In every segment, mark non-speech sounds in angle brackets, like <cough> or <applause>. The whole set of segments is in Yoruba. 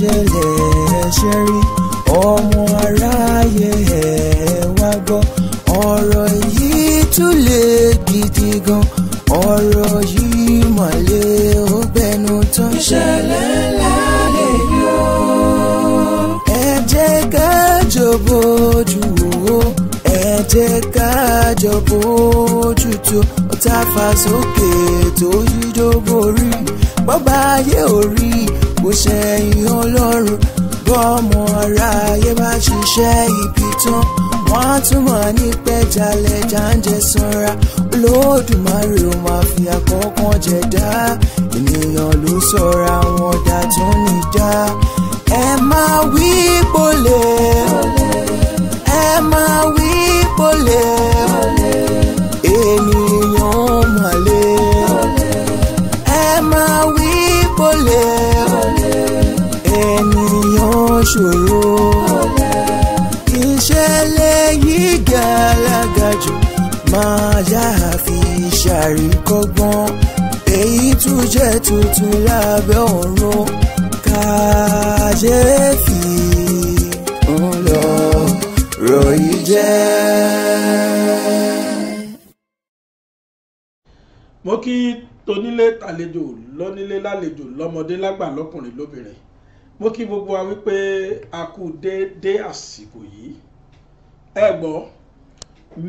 ṣẹlẹ̀ ẹ ṣe rí ọmọ aráyé ẹ wá gbọ́ ọ̀rọ̀ yìí tún lè gidi gan ọ̀rọ̀ yìí mà lè ó gbẹnu tán. ìṣẹ̀lẹ̀ ńlá lè yọ. ẹ ká jọ̀bọ̀ ojú wo ẹ ká jọ̀bọ̀ ojú tó tá a fà sókè tó yíjó borí bọ́bá ayé ò rí i kò ṣẹ̀yìn ọlọ́run bọ́ọ̀mù aráyé bá ṣiṣẹ́ ibi tán wọ́n á tún máa ní pẹ́jálẹ̀ jáǹjẹ sanra olódùmarè ó máa fi àkọ́kàn jẹ̀dá ènìyàn ló sọ̀ra wọn dá tó níjà ẹ máa wí pọ̀lẹ́ ẹ máa wí pọ̀lẹ́ ènìyàn ó máa lé ẹ máa wí pọ̀lẹ́ ṣòro ìṣẹ̀lẹ̀ yìí gàlágà jù máa yá àfi ṣàríkọ́gbọ́n èyí tún jẹ́ tuntun lábẹ́ ọ̀run kàyéfì ńlọrọ̀ yìí jẹ́. mo kí tonílé tàlejò lọ́nílé lálejò lọ́mọdé lágbà lọ́kùnrin lóbìnrin mo kí gbogbo wa wípé a kú déédé àsìkò yìí ẹ gbọ́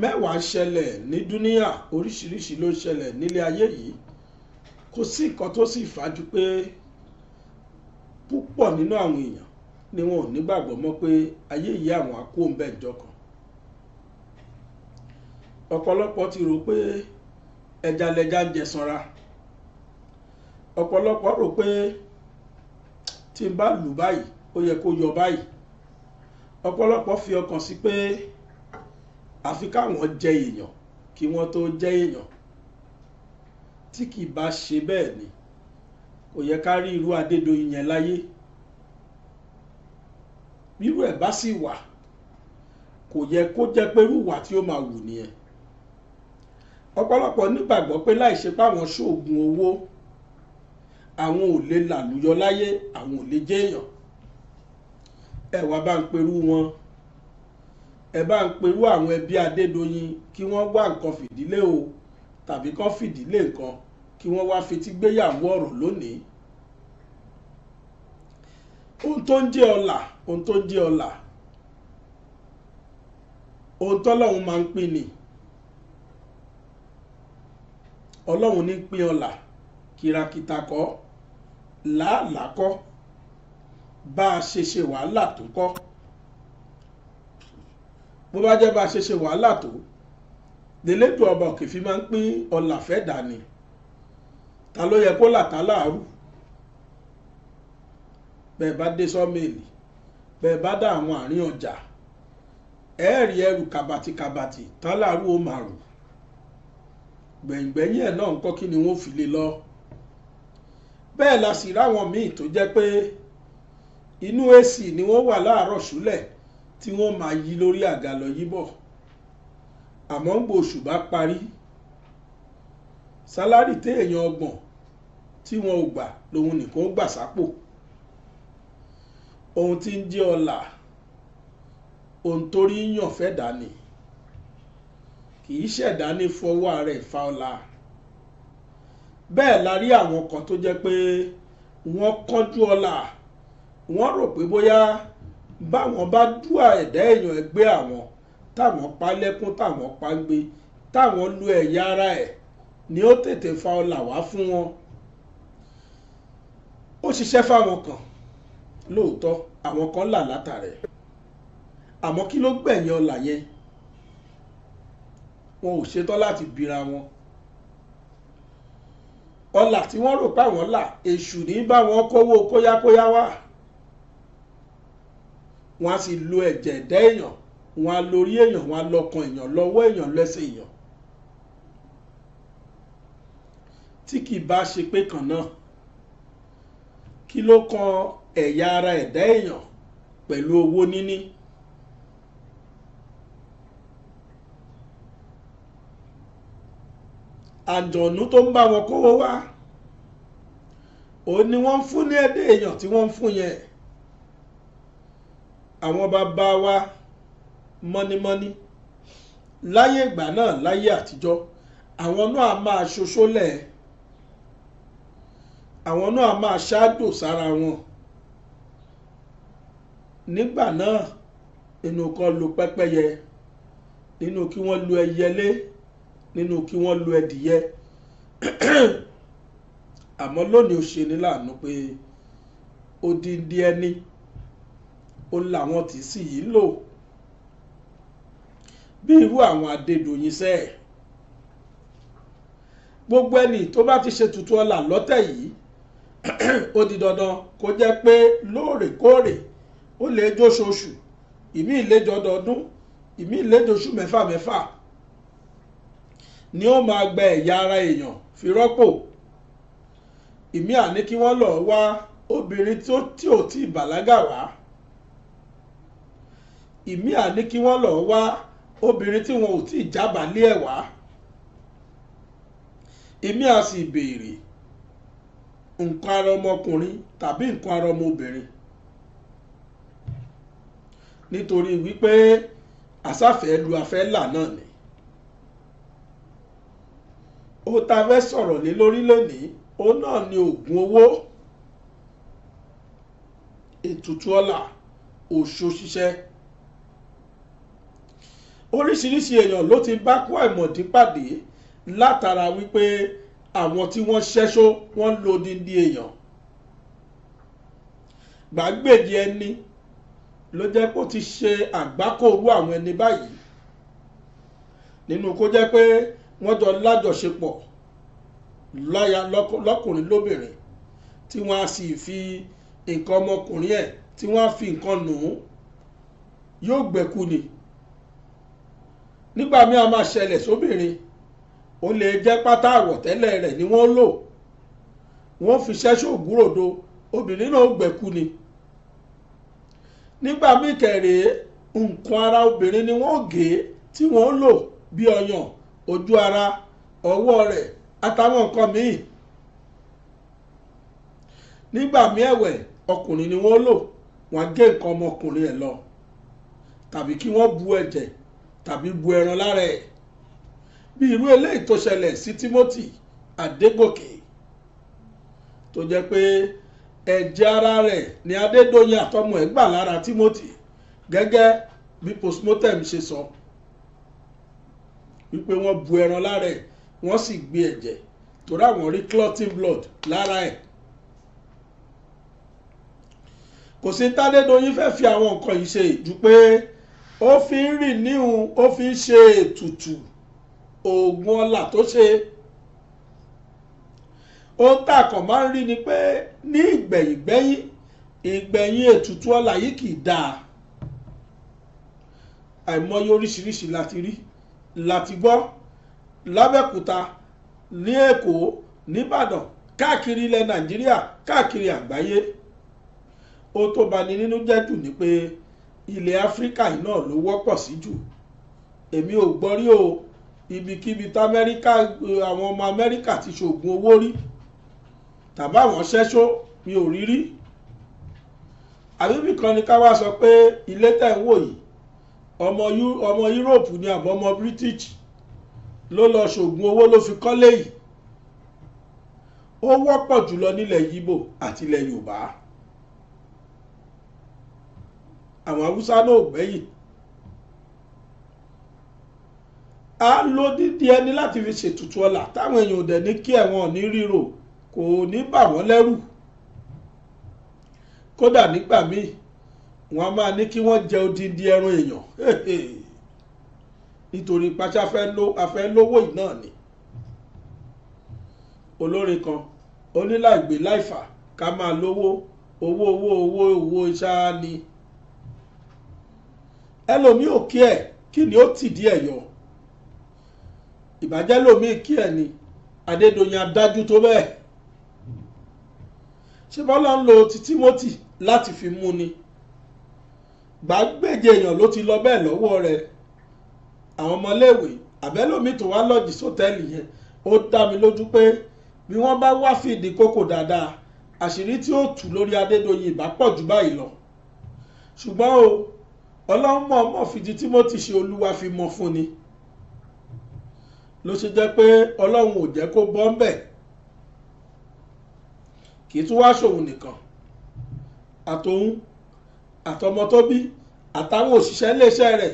mẹ́wàá ń ṣẹlẹ̀ ní dúníà oríṣiríṣi ló ń ṣẹlẹ̀ nílé ayé yìí kò sí nǹkan tó sì fàájú pé púpọ̀ nínú àwọn èèyàn ni wọn ò nígbàgbọ́ mọ́ pé ayé yìí àwọn á kú òǹbẹ̀ ìjọ ọ̀pọ̀lọpọ̀ ti rò pé ẹja lẹja ń jẹ sanra ọ̀pọ̀lọpọ̀ rò pé. E tí n bá lù báyìí ó yẹ kó yọ báyìí ọ̀pọ̀lọpọ̀ fi ọkàn sí pé àfi káwọn jẹ èèyàn kí wọ́n tó jẹ́ èèyàn tí kì bá ṣe bẹ́ẹ̀ ni kò yẹ ká rí irú Adédoyin yẹn láyé bírú ẹ̀ bá sì wà kò yẹ kó jẹ́ pé wùwà tí ó máa wù nìyẹn ọ̀pọ̀lọpọ̀ nígbàgbọ́ pé láì ṣe páwọn ṣoògùn owó àwọn ò lè làlùyọ láyé àwọn ò lè jẹ́èyàn ẹ wá bá ń perú wọn ẹ bá ń perú àwọn ẹbí Adédoyin kí wọ́n wá nǹkan fìdílé o tàbí kán fìdílé nǹkan kí wọ́n wá fetí gbéyàwó ọ̀rọ̀ lónìí ohun tó ń jẹ́ ọlà ohun tó ń jẹ́ ọlà ohun tọ́lọ́run máa ń pín ni ọlọ́run ní pín ọlà kìràkìtà kọ́ làálàá kọ́ bá a ṣe ṣe wàhálà tó kọ́ bó bá jẹ́ bá a ṣe ṣe wàhálà tó lélẹ́tò ọba òkè fi máa ń pín ọlà fẹ́ dání ta ló yẹ kó là ta láàrú bẹ́ẹ̀ bá dé sọ́mẹ́ẹ̀lì bẹ́ẹ̀ bá dá àwọn àárín ọjà ẹ̀ẹ́rì ẹrù kàbàtìkàbàtì tán láàrú ó màrú gbẹ̀yìngbẹ̀yìn ẹ̀ náà ń kọ́ kí ni wọ́n fi lè lọ́ọ́ bẹ́ẹ̀ la sì ráwọn míì tó jẹ́ pé inú èsì ni wọ́n wà láàárọ̀ ṣúlẹ̀ tí wọ́n máa yí lórí àga lọ yí bọ̀ àmọ́ ń gbòòṣù bá parí sálárì téèyàn ọgbọ̀n tí wọn ò gbà lòun nìkan gbà sápò ohun tí ń jẹ́ ọlà ohun torí yàn fẹ́ dání kì í ṣẹ̀dá ní fọwọ́ rẹ̀ fa ọlà bẹ́ẹ̀ la rí àwọn kan tó jẹ́ pé wọ́n kánjú ọlà wọ́n rò pé bóyá báwọn bá dúà ẹ̀dá èèyàn ẹgbẹ́ àwọn táwọn pa lẹ́kún táwọn pa ń gbé táwọn lu ẹ̀yà ara ẹ̀ ni ó tètè fa ọlà wá fún wọn ó ṣiṣẹ́ fáwọn kan lóòótọ́ àwọn kan là látàrẹ̀ àmọ́ kí ló gbẹ̀yìn ọlà yẹn wọn ò ṣetán láti bira wọn ọlà tí wọ́n rò pé àwọn là èṣù ní bá wọn kówó kóyákóyá wá wọ́n á sì lo ẹ̀jẹ̀ ẹ̀dá èèyàn wọ́n á lórí èèyàn wọ́n á lọ́kàn èèyàn lọ́wọ́ èèyàn lẹ́sẹ̀ èèyàn tí kì í bá ṣe pé kan náà kí ló kan ẹ̀yà ara ẹ̀dá èèyàn pẹ̀lú owó níní. àjọ̀nú tó ń bá wọn kówó wá òun ni wọ́n ń fún ní ẹ̀dẹ́ èèyàn tí wọ́n ń fún yẹn àwọn bàbá wa mọ́nímọ́ní láyé ìgbà náà láyé àtijọ́ àwọn náà máa ṣoṣó lẹ̀ àwọn náà máa ṣáàdò sára wọn nígbà náà inú kan lu pẹ́pẹ́yẹ inú kí wọ́n lu ẹyẹlé. E nínú kí wọ́n lo ẹdìyẹ <clears throat> àmọ́ lónìí ó ṣe ní láàánú pé odindi ẹni ó làwọn tí sì yìí lò bí irú àwọn Adédoyin sẹ́ẹ̀ gbogbo ẹni tó bá ti ṣe tutù ọlà lọ́tẹ̀ yìí <clears throat> ó di dandan kó jẹ́ pé lóòrèkóòrè ó lè jóṣooṣù ìmí ìlẹ́jọ́ ọdọọdún ìmí ìlẹ́jọ́ oṣù mẹ́fà mẹ́fà ni ó máa gba ẹ̀yà ara èèyàn fi rọ́pò ìmí àní kí wọ́n lọ́ọ́ wá obìnrin tí ó tí ò tí bàlágà wá ìmí àní kí wọ́n lọ́ọ́ wá obìnrin tí wọn ò tí jábàálé ẹ̀ wá ìmí à sì béèrè nǹkan ara ọmọkùnrin tàbí nǹkan ara ọmọbìnrin nítorí wípé àsáfẹ́ lu afẹ́ là náà ni ohun tá a fẹ́ sọ̀rọ̀ lé lórí lónìí òun náà ni oògùn owó ètùtù ọlà òṣù ṣiṣẹ́ oríṣiríṣi èèyàn ló ti bá kó àìmọ̀dí pàdé látara wípé àwọn tí wọ́n ṣẹ́ṣó wọ́n lo dindi èèyàn gbàgbèjì ẹni ló jẹ́ kó ti ṣe àgbákòrú àwọn ẹni báyìí nínú kó jẹ́ pé. Pe wọ́n jọ lájọṣepọ̀ láya lọ́kùnrin lóbìnrin tí wọ́n á sì fi nǹkan ọmọkùnrin ẹ̀ tí wọ́n á fi nǹkan nù ún yóò gbẹ̀kú ni nígbà míì a máa ṣẹlẹ̀ sóbìnrin ó lè jẹ́ pátá àwọ̀tẹ́lẹ̀ rẹ̀ ni wọ́n lò wọ́n fi ṣẹ́ṣọ ògúròdo obìnrin náà gbẹ̀kú ni nígbà míì kẹrèé nǹkan ara obìnrin ni wọ́n gé tí wọ́n lò bí ọyàn ojú ara ọwọ́ rẹ̀ àtàwọn nǹkan míì nígbà míì ẹ̀wẹ̀ ọkùnrin ni wọ́n lò wọ́n gé nǹkan ọmọkùnrin ẹ̀ lọ tàbí kí wọ́n bu ẹ̀jẹ̀ tàbí bu ẹran lára ẹ̀ bí irú eléyìí tó ṣẹlẹ̀ sí Timothy Adégòkè tó jẹ́ pé ẹ̀jẹ̀ ara rẹ̀ ni Adédọ́yìn àtọmọ ẹ̀ gbà lára Timothy gẹ́gẹ́ bí postmortem ṣe sọ. So wípé wọ́n bu ẹran lára ẹ̀ wọ́n sì gbé ẹ̀jẹ̀ torí àwọn rí clotting blood lára ẹ̀ kò sí tádédoyin fẹ́ fi àwọn nǹkan yìí ṣe ju pé ó fi ń rìn níhun ó fi ń ṣe ètùtù oògùn ọlà tó ṣe ohun tá a kàn máa ń rí ni pé ní ìgbẹ̀yìngbẹ́yìn ìgbẹ̀yìn ètùtù ọlà yìí kì í dáa àìmọye oríṣiríṣi la ti rí láti gbọ́ lábẹ́kúta ní èkó nìbàdàn káàkiri ilẹ̀ nàìjíríà káàkiri àgbáyé ó tó bani nínú jẹ́ jù ni pé ilẹ̀ áfíríkà yìí náà ló wọ́pọ̀ sí jù èmi ò gbọ́ rí o ibikíbi tamẹ́ríkà àwọn ọmọ amẹ́ríkà ti ṣoògùn owó rí tàbá àwọn ṣẹ́ṣó mi ò rí rí àbíbì kan ni ká wá sọ pé ilé tẹ̀ ń wò yìí ọmọ Europe ni àbọ̀ ọmọ British ló lọ ṣògùn owó ló fi kọ́lé yìí ó wọ́pọ̀ jùlọ nílẹ̀ Ìgbò àti ilẹ̀ Yorùbá àwọn Haúsá náà ò a ló dídí ẹni láti fi ṣètùtù ọlà táwọn èèyàn ò dẹ̀ ní kí ẹ̀wọ̀n ní ríro kò ní bà wọ́n lẹ́rù kódà nígbà míì wọ́n á máa ní kí wọ́n jẹ odindi ẹran èèyàn <laughs> nítorí pàṣẹ afẹ́ lówó náà ni olórin kan oníláìgbé láìfà ká máa lówó owó owó owó owó ṣáá ni ẹlòmíì ò kí ẹ kí ni ó tìdí ẹ yọ ìbàjẹ́ lòmíì kí ẹ ni Adédoyin adájú tó bẹ́ẹ̀ ṣé bọ́lá ń lo ti Timothy láti fi mú ni gbàgbéje èèyàn ló ti lọ bẹ́ẹ̀ lọ́wọ́ rẹ̀ àwọn ọmọléèwé àbẹ́lòmí tó wá lọ́ọ̀jì sọ́tẹ́ẹ̀lì yẹn ó dá mi lójú pé bí wọ́n bá wá fìdí kókò dáadáa àṣírí tí ó tú lórí adédọ̀yìn ìbá pọ̀ jù báyìí lọ ṣùgbọ́n o ọlọ́run mọ̀ ọmọ fìdí Timothy ṣe olúwa fi mọ fún ni ló ṣe jẹ́ pé ọlọ́run ò jẹ́ kó bọ́ ń bẹ̀ kì í tún wá ṣòun nìkan àtòun àtọmọ tó bí àtàwọn òṣìṣẹ́ iléeṣẹ́ rẹ̀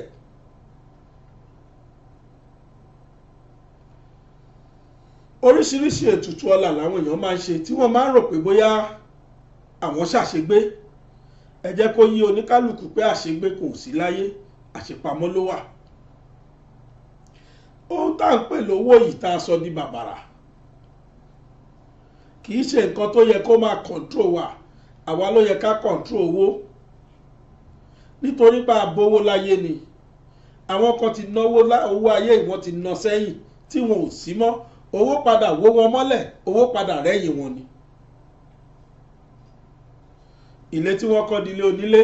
oríṣiríṣi ètùtù ọlà làwọn èèyàn máa ń ṣe tí wọ́n máa ń rò pé bóyá àwọn ṣàṣegbé ẹ jẹ́ kó yí oníkálukú pé àṣegbé kò sí láyé àṣepamọ́ ló wà ohun tá à ń pè lówó yìí tá a sọ di bàbàrà kì í ṣe nǹkan tó yẹ kó máa kọ̀ǹtró wa àwa ló yẹ ká kọ̀ǹtró owó nítorí pa àbówó láyé ni àwọn kan ti náwó owó ayé wọn ti ná sẹ́yìn tí wọn ò sí mọ́ owó padà wó wọn mọ́lẹ̀ owó padà rẹ́yìn wọn ni. ilé tí wọ́n kọ́ dilé onílé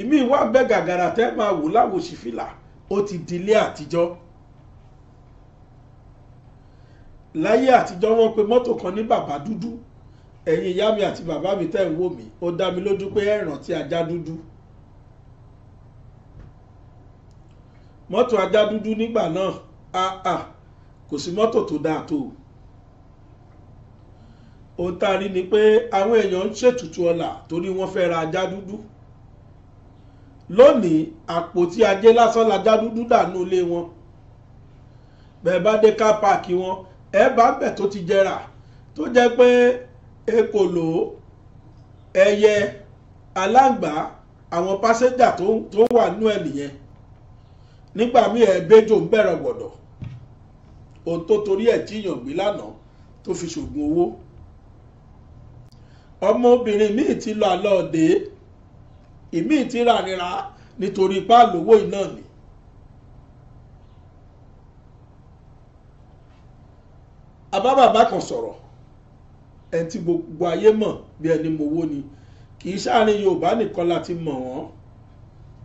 ìmí wà bẹ́ẹ̀ gàgàrà tẹ́ máa wò láwòsí fìlà ó ti dilé àtijọ́ láyé àtijọ́ wọ́n pe mọ́tò kan ní bàbá dúdú ẹ̀yin ìyá mi àti bàbá mi tẹ́ ń wò mí ó dá mi lójú pé ẹ̀ràn tí ajá dúdú mọ́tò ajá dúdú nígbà náà àà kò sí mọ́tò tó dáa tó ohun tá a rí ni pé àwọn èèyàn ń ṣètùtù ọlà torí wọ́n fẹ́ ra ajá dúdú lónìí àpótí ajé lásán lajá dúdú dànù ilé wọn bẹ́ẹ̀ bá dé car park wọn ẹ bá bẹ̀ tó ti jẹrà tó jẹ́ pé ekòló ẹyẹ aláǹgbá àwọn pásẹ́jà tó wà nú ẹ̀ nìyẹn nígbà míì ẹ bẹjọ ń bẹ̀rẹ̀ wọ̀dọ̀ ohun tó torí ẹ̀ jíyàn gbé lánàá tó fi ṣògùn owó ọmọbìnrin míì ti lọ àlọ òde ìmíì ti rà nira nítorí ipá iná ni. abábàbá kan sọ̀rọ̀ ẹ̀ tí gbogbo ayé mọ̀ bí ẹni mowó ni kì í sáàrin Yorùbá nìkan láti mọ̀ wọ́n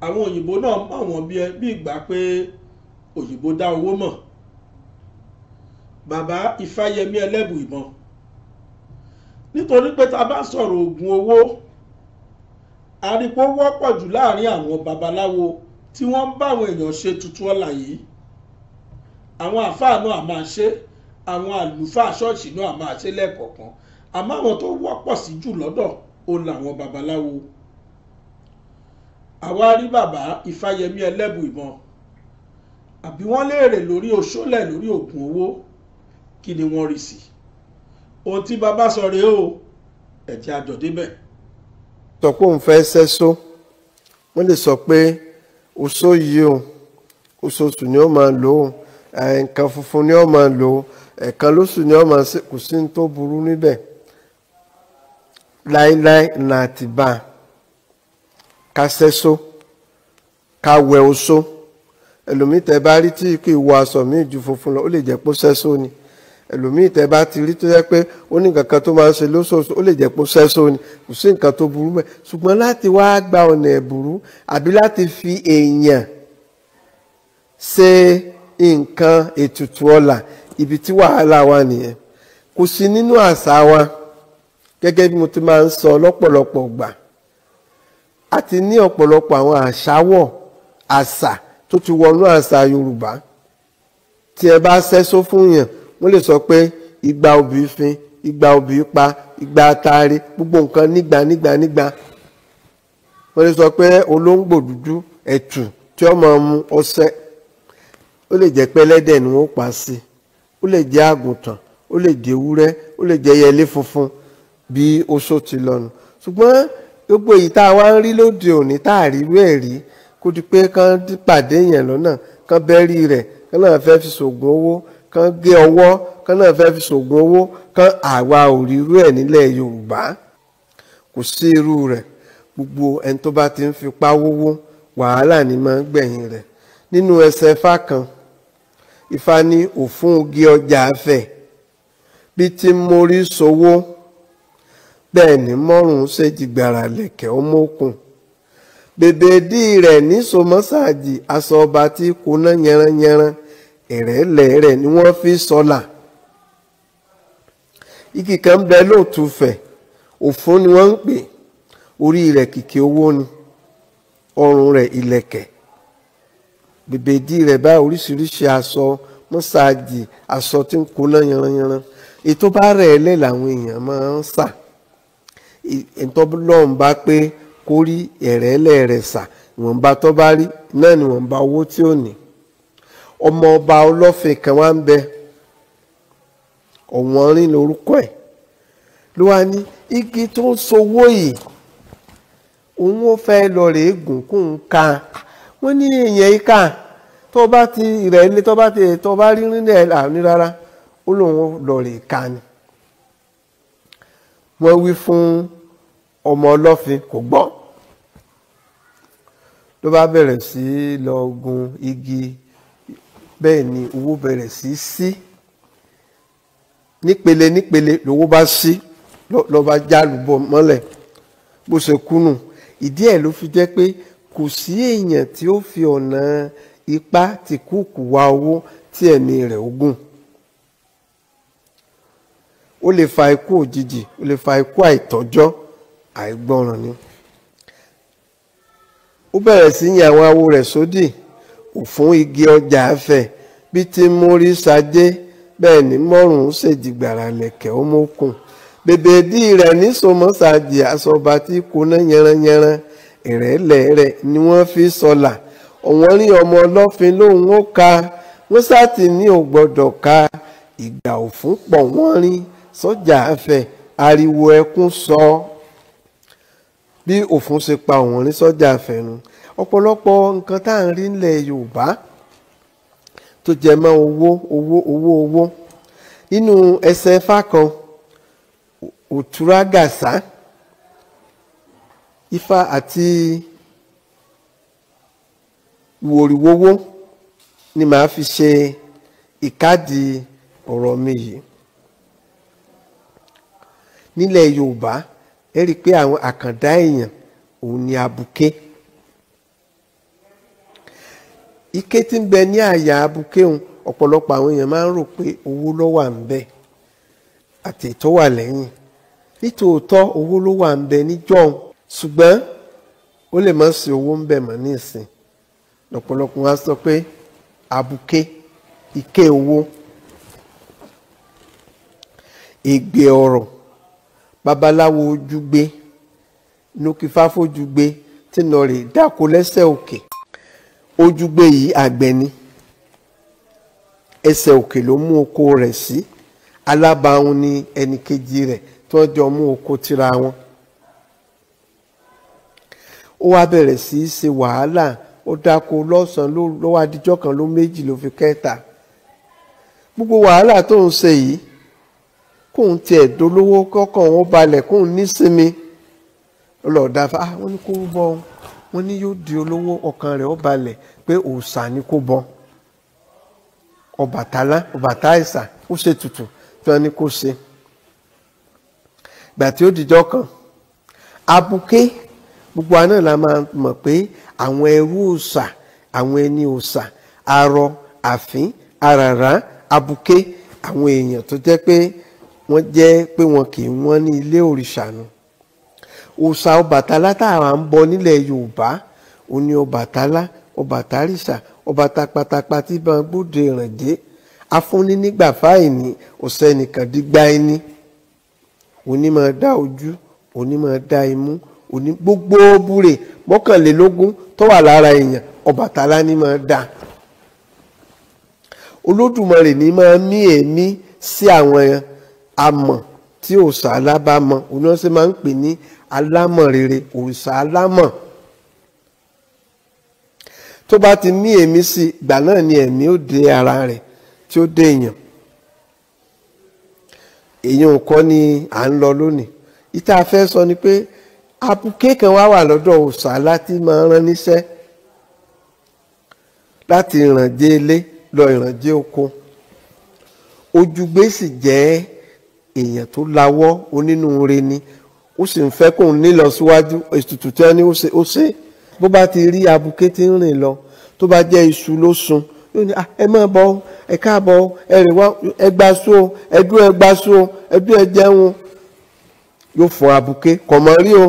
àwọn òyìnbó náà mọ̀ wọ́n bí ìgbà pé òyìnbó dá owó mọ̀ bàbá Ifáyẹmí Ẹlẹ́bùìbọn nítorí pé tá a bá sọ̀rọ̀ oògùn owó àrípò wọ́pọ̀ jù láàrin àwọn babaláwo tí wọ́n ń báwọn èèyàn ṣe tutù ọ̀la yìí àwọn àfáà náà a máa ṣe àwọn àlùfáà ṣọ́ọ̀ṣì náà a máa ṣe lẹ́ẹ̀kọ̀ọ̀kan àmọ́ àwọn tó wọ́pọ̀ sí jù lọ́dọ̀ òun làwọn babaláwo àwa rí bàbá ìfàyẹmí ẹlẹ́bù ìbọn àbí wọ́n léèrè lórí òṣòlẹ̀ lórí oògùn owó kí ni wọ́n rí sí ohun tí bàbá sọ rèé o ẹ̀tí àjọ débẹ̀. sọ pé òun fẹ́ sẹ́só wọ́n lè sọ pé oṣó yìí o oṣooṣù ni ó máa lò ó nǹkan funfun ni ó máa lò ó ẹ̀ẹ̀kan lóṣù ni ó máa kò sí ní tó burú níbẹ̀ láéláé ńlá àtibá ká sẹ́só ká wẹ oṣó ẹlòmíì tẹ bá rí tí ikú ìwọ aṣọ míì ju funfun lọ ó lè jẹ́ pó sẹ́só ni ẹlòmíì tẹ bá ti rí tó yẹ pé ó ní nǹkan kan tó máa ń ṣe lóṣooṣù ó lè jẹ́ pó sẹ́só ni kò sí nǹkan tó burú mẹ́ ṣùgbọ́n láti wá gba ọ̀nà ẹ̀bùrú àbí láti fi èèyàn ṣe nǹkan ètùtù ọlà ibi tí wàhálà wà nìyẹn kò sí nínú àṣà wa gẹ́gẹ́ bí mo ti máa ń sọ lọ́pọ̀lọpọ̀ gbà a ti ní ọ̀pọ̀lọpọ̀ àwọn àṣàwọ̀ àṣà tó ti wọnú àṣà Yorùbá tí ẹ bá sẹ́só fún yàn wọ́n lè sọ pé igba obì fin igba obì pa igba atare gbogbo nǹkan nígbà nígbà nígbà wọ́n lè sọ pé olóńgbò dúdú ẹ̀tù tí ọmọ mu ọṣẹ ó lè jẹ́ pé ni wọ́n pa sí ó lè jẹ́ àgùntàn ó lè jẹ́ ewúrẹ́ ó lè jẹ́ yẹlé funfun bí oṣó ti lọ́nu ṣùgbọ́n gbogbo èyí tá a wá ń rí lóde òní tá a rí irú ẹ̀ rí kó di pé kán pàdé yẹn lọ́nà kán bẹ́rí rẹ̀ kán náà fẹ́ fi ṣògùn owó kán gé ọwọ́ kán náà fẹ́ fi ṣògùn owó kán àwa ò rí irú ẹ̀ nílẹ̀ Yorùbá kò sí irú rẹ̀ gbogbo ẹni tó bá ti ń fipá wówó wàhálà ni máa ń gbẹ̀yìn rẹ̀ nínú ẹsẹ̀ Ifá kan Ifá ní òfun ọjà afẹ́ bíi ti mórí sowó bẹ́ẹ̀ ni mọ́rùn ṣèjì gbàrà lẹ̀kẹ̀ ọmọkùn bèbèdí rẹ̀ ní sọmọ́sáàjì aṣọ ọba tí kuná yẹranyẹran ìrẹ́lẹ̀ rẹ̀ ni wọ́n fi sọlà igi kan bẹ lóòtú fẹ̀ òfun ni wọ́n ń pè orí rẹ̀ kìkì owó ni ọrùn rẹ̀ ìlẹ̀kẹ̀ bèbèdí rẹ̀ bá oríṣiríṣi aṣọ mọ́sáàjì aṣọ tí ń kuná yẹranyẹran ètò bá rẹ̀ ẹlẹ́ làwọn èèyàn máa ń sà. ntọ́lọ́run bá pé kó rí ẹ̀rẹ́lẹ̀ rẹ̀ bá rí náà ni ìwọ̀nba owó tí ò ní ọmọ ọba ọlọ́fẹ̀ kan wá ń bẹ ọ̀wọ́n rìn lórúkọ ẹ̀ ló wá ní igi tó ń sowó òun ó fẹ́ lọ rèé gùn ka wọ́n ní tó bá ti rẹ̀ ní tó bá ti tó bá rí lọ rèé ka wọ́n wí fún ọmọ ọlọ́fin kò gbọ́ ló bá bẹ̀rẹ̀ sí lọ gun igi bẹ́ẹ̀ ni owó bẹ̀rẹ̀ sí sí nípele nípele lówó bá sí ló bá jálùbọ̀ mọ́lẹ̀ bó ṣe kúnnù ìdí ẹ̀ ló fi jẹ́ pé kò sí èèyàn tí ó fi ọ̀nà ipá tìkúùkù wá owó tí ẹ̀mí rẹ̀ ó ó lè fa ikú òjijì ó lè fa ikú àìtọ́jọ́ àìgbọ́ràn ni ó bẹ̀rẹ̀ sí yin àwọn awo rẹ̀ sódì òfún igi ọjà afẹ́ bí ti mórí sajé bẹ́ẹ̀ ní mọ́rùn-ún ṣèjìgbàrà lẹ̀kẹ́ ó mókun bèbèdí rẹ̀ ní sọmọ́sàjì àsọba tí kóná yẹranyẹran ìrẹ́lẹ̀ rẹ̀ ni wọ́n fi sọlà ọ̀wọ́n rí ọmọ ọlọ́fin lóhun ó ka wọ́n sá ti ní ò gbọ́dọ̀ ka ìgbà òfún pọ̀ wọ́n rin sọ́jà afẹ́ ariwo ẹkún sọ bí òfun ṣe pa òun ní sọ́jà afẹ́ nu ọ̀pọ̀lọpọ̀ nǹkan tá à ń rí nílẹ̀ Yorùbá tó jẹ mọ́ owó owó owó owó nínú ẹsẹ̀ Ifá kan Òtúrá Gàsá Ifá àti ìwòrìwówó ni màá fi ṣe ìkádìí ọ̀rọ̀ mi yìí nílẹ̀ yorùbá ẹ rí i pé àwọn àkàndá èèyàn òun ni abuké ike tí ń bẹ ní àyà abuké òun ọ̀pọ̀lọpọ̀ àwọn èèyàn máa ń rò pé owó ló wà ń bẹ àti ètò wà lẹ́yìn nítòótọ́ owó ló wà ń bẹ níjọ́un ṣùgbọ́n ó lè má sí owó ń bẹ mọ́ nísìn lọ́pọ̀lọpọ̀ wá sọ pé abuké ike owó ègbè ọ̀rọ̀ babaláwo ojú gbé nukifá fojú gbé tìǹà rè dáko lẹ́sẹ̀ òkè ojú gbé yìí àgbẹ̀ ni ẹsẹ̀ òkè ló mú oko rẹ̀ sí alábàáhùn ni ẹnì kejì rẹ̀ tó jọ mú oko tira wọn ó wá bẹ̀rẹ̀ sí í ṣe wàhálà ó dáko lọ́sàn-án ló wá dijọ́ kan ló méjì ló fi kẹta gbogbo wàhálà tó ń ṣe yìí kóun tiẹ̀ dolówó kọ́kàn ó balẹ̀ kóun nísinmi lọ́ọ̀dáfà ah, wọ́n ní kó bọ́ wọ́n ní yóò di olówó ọkàn rẹ̀ ó balẹ̀ pé òòṣà ni kó bọ́ Ọbàtálá ọbàtà àìsà ó ṣe tutù tí wọ́n ní kó ṣe gbà tí ó dìjọ́ kan abuké gbogbo àná la máa mọ̀ pé àwọn ẹrú òòṣà àwọn ẹni òòṣà arọ àfín àràrá abuké àwọn èèyàn tó jẹ́ pé wọ́n jẹ́ pé wọn kì í wọ́n ní ilé òrìṣà nu òòṣà Ọbàtálá tá à ń bọ nílẹ̀ Yorùbá ó ní Ọbàtálá Ọbàtárìṣà ọba tapatapa tí bá gbòde ìrànjẹ afúnni nígbà fáìní ọ̀sẹ̀ nìkan dígbà ẹni onímọ̀ dá ojú onímọ̀ dá imú oní gbogbo búre mọ́kànlélógún tó wà lára èèyàn Ọbàtálá ní máa dá Olódùmarè ní máa mí èémí sí àwọn èèyàn àmọ̀ tí òòṣà alábàámọ̀ òun náà ṣe máa ń pè ní alámọ̀ rere òòṣà alámọ̀ tó bá ti ní ẹ̀mí sí ìgbà náà ni ẹ̀mí ó dé ara rẹ̀ tí ó dé èèyàn èèyàn kọ́ ni à ń lọ lónìí ìta fẹ́ sọ ni pé apuké kan wá wà lọ́dọ̀ òòṣà láti máa rán níṣẹ́ láti ìrànjẹ́ ilé lọ ìrànjẹ́ oko ojúgbé sì jẹ́ èèyàn tó lawọ́ onínúure ni ó sì ń fẹ́ kó ń nílọ síwájú ètùtù tí wọ́n ní ó ṣe ó ṣe bó bá ti rí abuké tí ń rìn lọ tó bá jẹ́ iṣu ló sun yóò ní ẹ máa bọ̀ ẹ káàbọ̀ ẹ rìn wá ẹ gba so ẹ dún ẹ gba so ẹ dún ẹ jẹun yóò fọ abuké kò mọ̀ rí o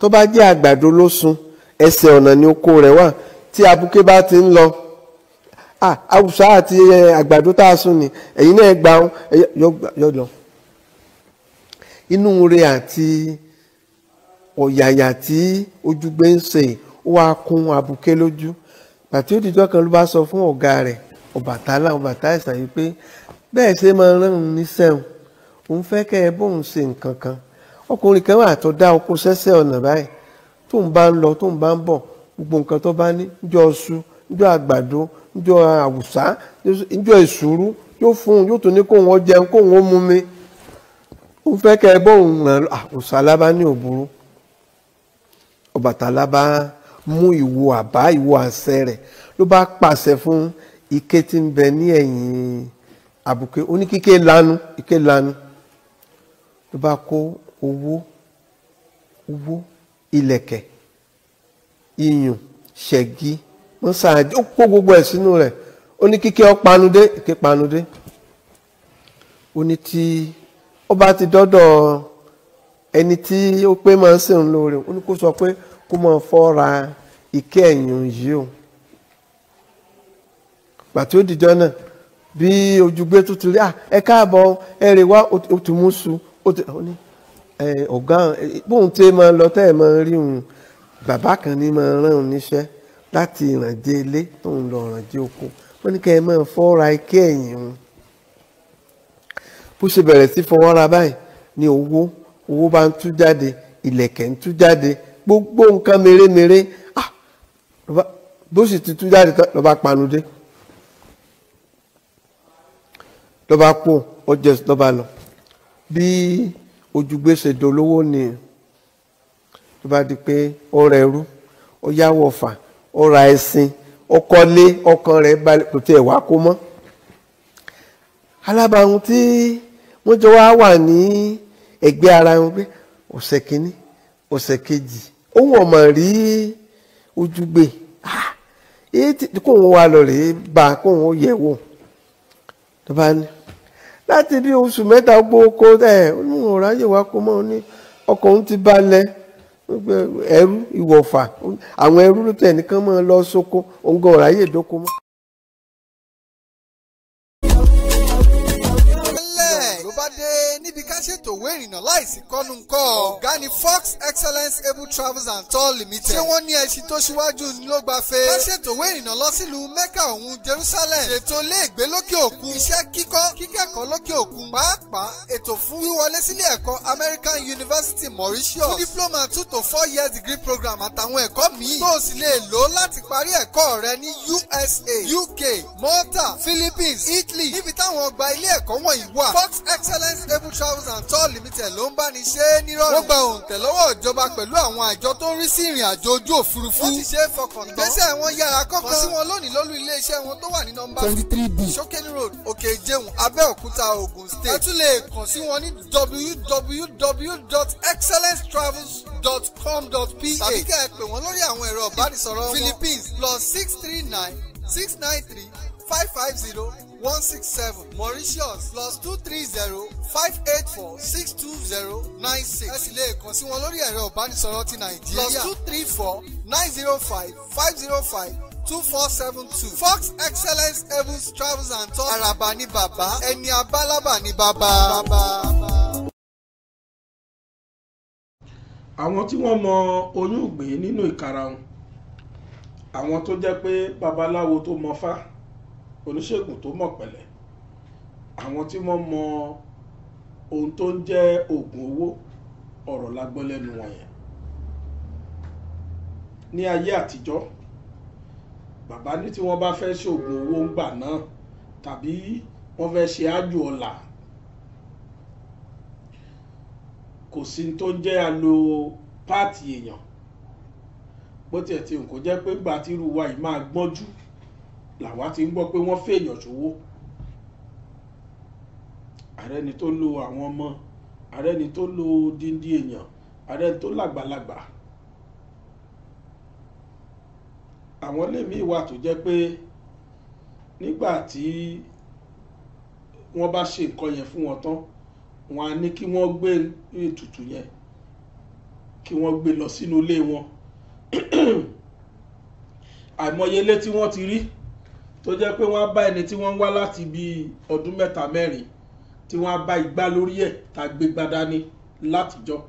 tó bá jẹ́ àgbàdo ló sun ẹsẹ̀ ọ̀nà ni oko rẹ̀ wà tí abuké bá ti ń lọ àwùsá ah, àti eh, àgbàdo tá a sùn ni ẹ̀yin náà gbà ń yọ lọ. inú rẹ àti ọ̀yàyà tí ojúgbé ń ṣe ó wá kún abuké lójú pàtí òdìjọ́ kan ló bá sọ fún ọ̀gá rẹ̀ Ọbàtálá Ọbàtáìsà yìí pé bẹ́ẹ̀ ṣe máa rán òun níṣẹ́ òun òun fẹ́ kẹ́ ẹ bóun ṣe nǹkan kan ọkùnrin kan wà tó dá oko sẹ́sẹ́ ọ̀nà báyìí tóun bá ń lọ tóun bá ń bọ̀ gbogbo nǹkan tó bá ní níjọ́ ọṣù níjọ́ àgbàdo njọ àwùsá njọ ìṣòro yóò fún un yóò tún ní kóun ó jẹun kóun ó mú mi ó fẹ́ kẹ́ ẹ bóun ràn ah, àwùsá lábá ní òbúrú Ọbàtálá bá mú ìwo àbá ìwo àṣẹ rẹ̀ ló bá pàṣẹ fún ike tí ń bẹ ní ẹ̀yìn àbùké oníkíké lanu ike lanu ló bá kó owó owó ìlẹ̀kẹ̀ iyùn ṣẹ̀gi wọ́n ṣàjọ ó kó gbogbo ẹ̀ sínú rẹ̀ ó ní kíkẹ́ ọ panudé èké panudé ó ní tí ó bá ti dọ́dọ̀ ẹni tí ó pé máa ń sìn lóore ó ní kó sọ pé kó máa fọ́ra ìké ẹ̀yìn yìí o pàtó òdìjọ́ náà bí ojúgbé tó ti rí ah, ẹ káàbọ̀ ẹ rè wá ó ti mú su ó ti ní ọ̀gá bóun tẹ́ máa lọ tẹ́ ẹ máa rí òun bàbá kan ní máa rán òun níṣẹ́ láti ìrànjẹ ilé tó ń lọ ìrànjẹ oko wọ́n ní kẹ́ ẹ máa fọ́ra ike ẹ̀yìn wọn bó ṣe bẹ̀rẹ̀ sí fọwọ́ra báyìí ni owó owó bá ń tú jáde ìlẹ̀kẹ̀ ń tú jáde gbogbo nǹkan mèremère ah bó sì ti tú jáde tán lọ́ba panudé lọ́ba kú ọjọ́ lọ́ba lọ bí ojúgbé ṣe dolówó ni ló bá di pé ó rẹ̀ rú ó yáwọ̀ fà ó ra ẹṣin ó kọ́lé ọkàn rẹ̀ balẹ̀ kò tiẹ̀ wá kó mọ́ alábàáhùn tí wọ́n jọ wá wà ní ẹ̀gbẹ́ ara wọn pé ọ̀sẹ̀ kínní ọ̀sẹ̀ kejì òun ọ̀mọ̀ rí ojúgbé ah, kó òun wá lọ rèé bá kó òun yẹ̀ wò tó bá ní láti bí oṣù mẹ́ta gbó kó ẹ̀ ó ní òun kó mọ́ ọ ní ọkọ̀ òun ti balẹ̀ ẹrú ìwọ̀fà àwọn ẹrú ló tẹ̀ nìkan máa lọ sóko òǹgọ̀ ọ̀ráyè dóko mọ́. tòwé ìrìnnà láìsí kọ́nu ńkọ́ ọ̀gá ni Fox Excellence Able Travels and Tour Limited ṣé wọ́n ní ẹṣin tó ṣíwájú ni ló gba fe wọ́n ṣètòwé ìrìnnà lọ sílùú Mecca òun Jerusalem ètò iléègbé lókè òkun iṣẹ́ kíkọ́ kíkẹ́kọ̀ọ́ lókè òkun pàápàá ètò fún wíwọlé sílé ẹ̀kọ́ American University Mauritius fún diploma two to four years degree program àtàwọn ẹ̀kọ́ míì tó o sì lè lò láti parí ẹ̀kọ́ rẹ ní USA UK Malta Philippines Italy níbi táwọn ọgbà ilé ẹ̀kọ́ wọ̀nyí wà Fox Excellence Able Travels and Tour Tour Limited ló ń bá ní ṣe é nírọ̀rùn. wọ́n gba òǹtẹ̀ lọ́wọ́ ìjọba pẹ̀lú àwọn àjọ tó ń rí sí ìrìn àjò ojú òfurufú. wọ́n ti ṣe é fọkàn tán. ìgbésẹ̀ wọn yára kọ́kọ́. kàn sí wọn lónìí lólú iléeṣẹ́ wọn tó wà ní nọ́mbà. twenty three b Sokeni road òkè ìjẹun Abẹ́òkúta Ògùn state. ẹ tún lè kàn sí wọn ní www.excellencetravels.com.pa tàbí kẹ́ ẹ pè wọ́n lórí àwọn ẹ̀rọ ìbánisọ̀rọ̀ wọn Philippines plus six three nine six nine three five five zero one six seven Mauritius plus two three zero five eight four six two zero nine six. ẹ sì lè kàn sí wọn lórí ẹ̀rọ ìbánisọ̀rọ̀ ti nàìjíríà plus two three four nine zero five five zero five two four seven two Fox Excellence evans travels and tours araba ní bàbá ẹni abálábà ní bàbá. àwọn tí wọ́n mọ oyún ìgbín nínú ìkarahun àwọn tó jẹ́ pé babaláwo tó mọ fá oníṣègùn tó mọ̀ pẹ̀lẹ́ àwọn tí wọ́n mọ ohun tó ń jẹ́ oògùn owó ọ̀rọ̀ la gbọ́ lẹ́nu wọn yẹn ní ayé àtijọ́ bàbá ní tí wọ́n bá fẹ́ ṣoògùn owó ńgbà náà tàbí wọ́n fẹ́ ṣe ájò ọ̀la kò sí tó ń jẹ́ alo páàtì èèyàn bó tiẹ̀ ti nǹkan jẹ́ pé gbàtírù wa yìí máa gbọ́njú làwa ti ń gbọ́ pé wọ́n fèèyàn ṣòwò ààrẹ ni tó lo àwọn ọmọ ààrẹ ni tó lo díndín èèyàn ààrẹ ni tó làgbàlagbà àwọn lèmi wà tó jẹ́ pé nígbà tí wọ́n bá ṣe nǹkan yẹn fún wọn tán wọn á ní kí wọ́n gbé ètùtù yẹn kí wọ́n gbé lọ sínú ilé wọn <clears throat> àìmọye ilé tí wọ́n ti rí. Si tó jẹ́ pé wọ́n á bá ẹni tí wọ́n ń wá láti bí ọdún mẹ́ta mẹ́rin tí wọ́n á bá igbá lórí ẹ̀ tá a gbé gbadá ní látijọ́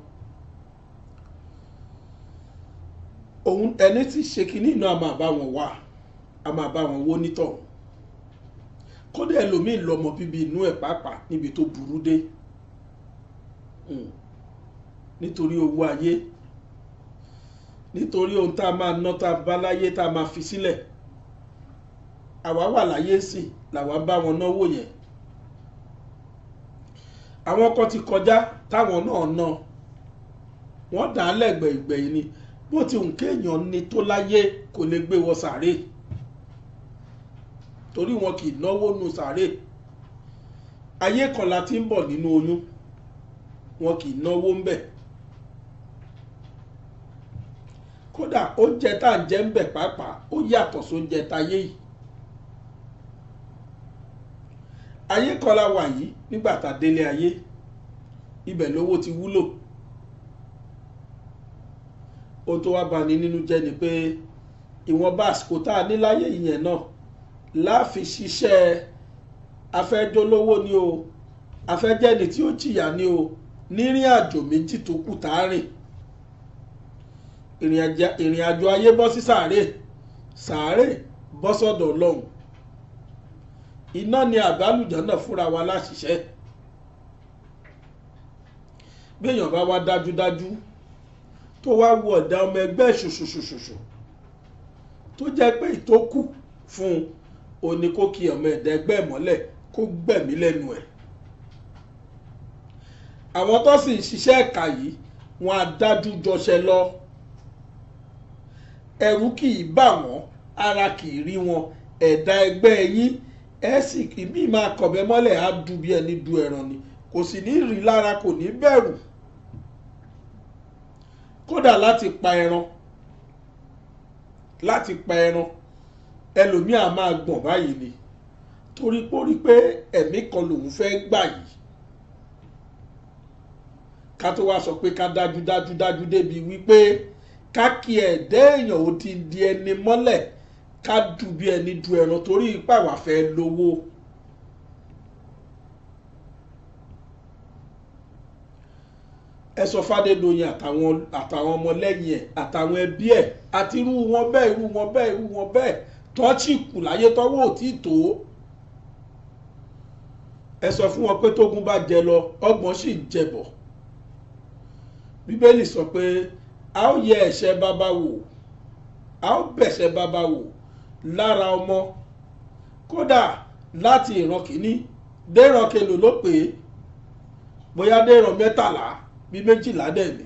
òun ẹni tí ṣe kínní náà a máa bá wọn wá a máa bá wọn wó nítọ̀ kódà ẹlòmíì lọ́mọ bíbí inú ẹ̀ pàápàá níbi tó burú dé hmm. nítorí owó ayé nítorí ohun tá a máa ná tá a bá láyé tá a máa fi sílẹ̀. Si àwa wà láyé sí làwa bá wọn náwó yẹn àwọn kan ti kọjá táwọn náà ná wọ́n dà á lẹ́gbẹ̀ẹ́ ìgbẹ̀yìn ni bó ti hùn kéèyàn ní tó láyé kò lè gbé wọ sàárè torí wọn kì í náwó nu sàárè ayé kan la ti ń bọ̀ nínú oyún wọn kì í náwó ń kódà oúnjẹ tá à ń jẹ ń pàápàá ó yàtọ̀ sóúnjẹ táyé yìí ayé kan la wà yìí nígbà tá a délé ayé ibẹ̀ lówó ti wúlò ó tó wá bani nínú jẹ́ ni pé ìwọ̀nba àsìkò tá a ní láyé ìyẹn náà láàfin ṣiṣẹ́ afẹ́jọ́lówó ni o afẹ́jẹ́ni tí ó jìyà ni o nírìn àjò méjì tó kù tá a rìn ìrìn àjò ayé bọ́ sí sàárè sàárè bọ́ sọ́dọ̀ ọlọ́run iná ni àbálùjánà fúnra wa láṣìṣẹ́ béèyàn bá wá dájúdájú tó wá wo ọ̀dà ọmọ ẹgbẹ́ ṣoṣoṣoṣo tó jẹ́ pé ìtókù fún un òní kó kì ọmọ ẹ̀dá ẹgbẹ́ mọ́lẹ̀ kó gbẹ̀mí lẹ́nu ẹ̀ àwọn tó sì ń ṣiṣẹ́ ẹ̀ka yìí wọn á dájú jọṣẹ lọ ẹ̀rù kì í bà wọ́n ara kì í rí wọn ẹ̀dá ẹgbẹ́ yín ẹ̀sìn ìbí máa kọ̀bẹ mọ́lẹ̀ á du bí ẹni du ẹran ni kò sì ní rí lára kò ní bẹ̀rù kódà láti pa ẹran láti pa ẹran ẹlòmíì á máa gbọ̀n báyìí ni torí pé ó rí pé ẹ̀mí kan lòun fẹ́ gbà yìí ká tó wá sọ pé ká dájú débi wípé ká kí ẹ̀dẹ́ èèyàn ó ti di ẹni mọ́lẹ̀ ká dù bí ẹni dù ẹran torí ipá wà fẹ́ lówó. ẹ sọ fàdédoyin àtàwọn ọmọlẹ́yìn ẹ̀ àtàwọn ẹbí ẹ̀ àti irú wọn bẹ́ẹ̀ irú wọn bẹ́ẹ̀ irú wọn bẹ́ẹ̀ tọ́ọ̀tì kù láyé tọ́wọ́ ò tí ì tó ẹ sọ fún wọn pé tógun bá jẹ lọ ọgbọ̀n sì jẹbọ̀ bíbélì sọ pé a ó yẹ ẹ̀ṣẹ̀ bàbá wò a ó bẹ̀ṣẹ̀ bàbá wò lára ọmọ kódà láti ìran kìíní déèràn kelò ló pè é bóyá déèràn mẹ́tàlá bíi méjìlá dẹ̀ ni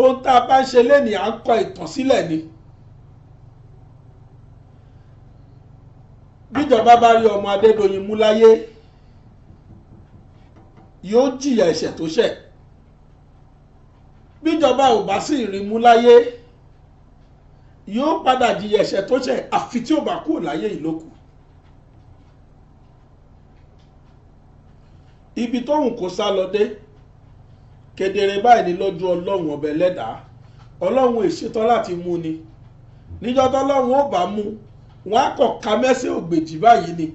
ohun tá a bá ń ṣe lénìí à ń kọ ìtàn sílẹ̀ ni bíjọba bá rí ọmọ Adédoyin mú láyé yóò jìyà ẹ̀ṣẹ̀ tó ṣẹ̀ bíjọba ò bá sì rí mú láyé yóò padà jìyà ẹ̀ṣẹ̀ tó ṣẹ̀ àfi tí ó bá kú láyé ìlókù ibi tóun kò sá lọ dé kedere báyìí ni lójú ọlọ́run ọbẹ̀ lẹ́dàá ọlọ́run ìṣetán láti mú ni níjọ́ tọ́lọ́run ó bá mú wọn á kọ̀ ka mẹ́sẹ̀ ògbèjì báyìí ni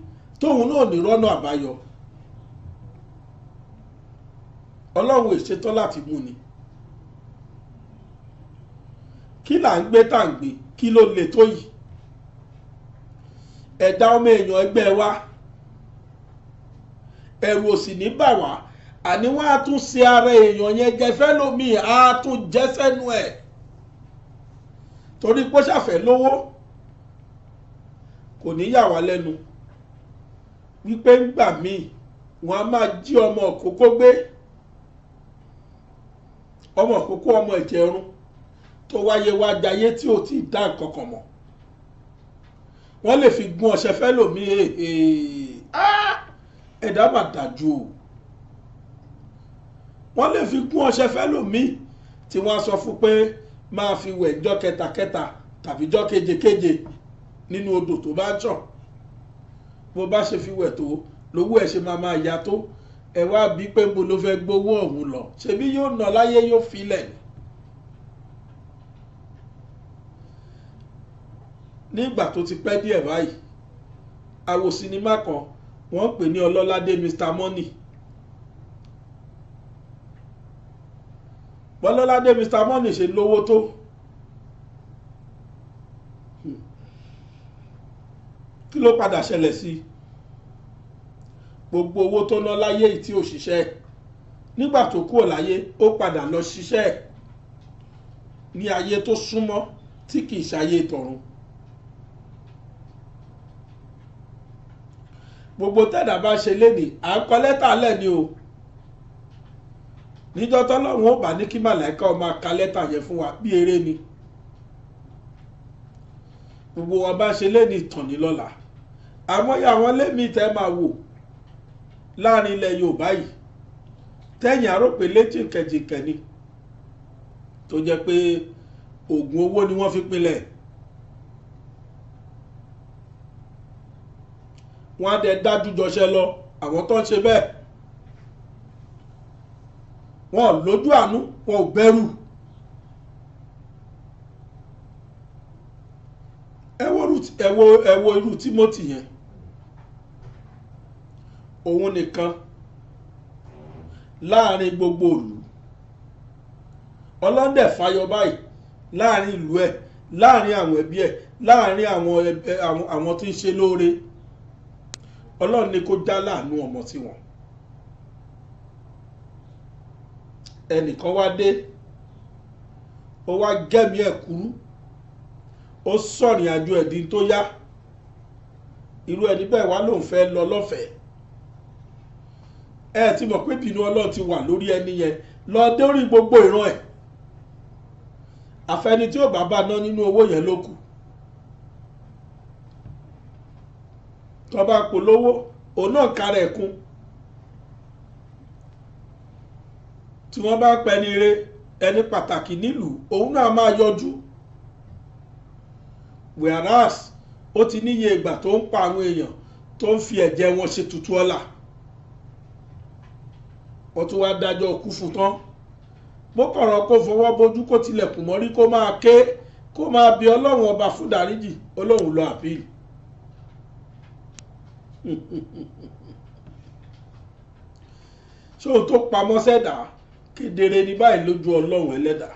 tóun náà ní rọ́nà àbáyọ ọlọ́run ìṣetán láti mú ni kí là ń gbé tàǹgbé kí ló lè tó yìí ẹ̀dá ọmọ èèyàn ẹgbẹ́ wa ẹ̀rù òsì ní bà wá àní wọ́n á tún ṣe ara èèyàn yẹn jẹ fẹ́lómìn á tún jẹ́ sẹ́nu ẹ̀ torí pé ṣàfẹ́ lówó kò ní yà wá lẹ́nu wípé ńgbà míì wọ́n á máa jí ọmọ òkókó gbé ọmọ òkókó ọmọ ẹ̀jẹ̀ run tó wáyé wá jayé tí ò tí ì dá nǹkan kan mọ̀ wọ́n lè fi gun ọ̀sẹ̀ fẹ́ lòmí eh, eh, ah, ẹ̀dá mà dájú o wọ́n lè fi gun ọ̀sẹ̀ fẹ́ lòmí tí wọ́n á sọ fún pé máa fi wẹ̀ jọ́ kẹtàkẹtà tàbí jọ́ kejekeje nínú odò tó bá ń tàn bó bá ṣe fi wẹ̀ tó lówó ẹ̀ ṣe máa máa ya tó ẹ wá bí pé mo ló fẹ́ gbowó ọ̀hún lọ ṣebí yóò nà láyé yóò filẹ̀ ni ní ìgbà tó ti pẹ́ díẹ̀ báyìí àwo sinimá kan wọ́n pè ní ọlọ́ládé mr money bọ́lọ́ládé mr money ṣe lówó tó hmm. kí ló padà ṣẹlẹ̀ sí gbogbo owó tó ná láyé tí ò ṣiṣẹ́ nígbà tó kúrò láyé ó padà lọ ṣiṣẹ́ ní ayé tó súnmọ́ tí kìí ṣayé tọ̀run gbogbo tẹ̀dá bá ṣe lénìí à ń kọ lẹ́tà lẹ́ni o níjọ́ tọ́lọ́run ó bá ní kí màláìka ó máa ka lẹ́tà yẹn fún wa bí eré ni gbogbo wa bá ṣe lénìí tàn ní lọ́la àmọ́ àwọn lémi tẹ́ máa wò láàrin ilẹ̀ Yorùbá yìí tẹ́yìn àròpé létí kẹ̀jìkẹ̀ ni tó jẹ́ pé oògùn owó ni wọ́n fi pinlẹ̀. wọ́n á dẹ dájú jọṣẹ́ lọ àwọn tó ń ṣe bẹ́ẹ̀ wọn ò lójú àánú wọn ò bẹ̀rù ẹ wo ẹ wo irú Timothy yẹn òun nìkan láàrin gbogbo ìlú ọlọ́dẹ̀ fayọ báyìí láàrin ìlú ẹ̀ láàrin àwọn ẹbí ẹ̀ láàrin àwọn àwọn tó ń ṣe lóore ọlọ́run ni kó já láàánú ọmọ sí wọn ẹnìkan wá dé ó wá gẹ́mi ẹ̀ kúrú ó sọ̀rìn àjò ẹ̀dín tó yá irú ẹni bẹ́ẹ̀ wá lòun fẹ́ lọ lọ́fẹ̀ẹ́ ẹ ti mọ̀ pé bínú ọlọ́run ti wà lórí ẹni yẹn lọ dórí gbogbo ìran ẹ̀ àfẹni tí ò bá bá ná nínú owó yẹn ló kù tó bá polówó òun náà kára ẹ̀ kún tí wọ́n bá pẹni re ẹni pàtàkì nílùú òun náà máa yọjú whereas ó ti níye ìgbà tó ń pa àwọn èèyàn tó ń fi ẹ̀jẹ̀ wọn ṣe tutù ọlà wọ́n tún wá dájọ́ kú fún tán bó kọ̀rọ̀ kó fọwọ́ bójú kó tilẹ̀kùn mọ́rí kó máa ké kó máa bi ọlọ́run ọba fún dáríjì ọlọ́run lọ àpíìlì <laughs> So ohun tó pamọ́ sẹ́dá kedere ní báyìí lójú ọlọ́run ẹlẹ́dàá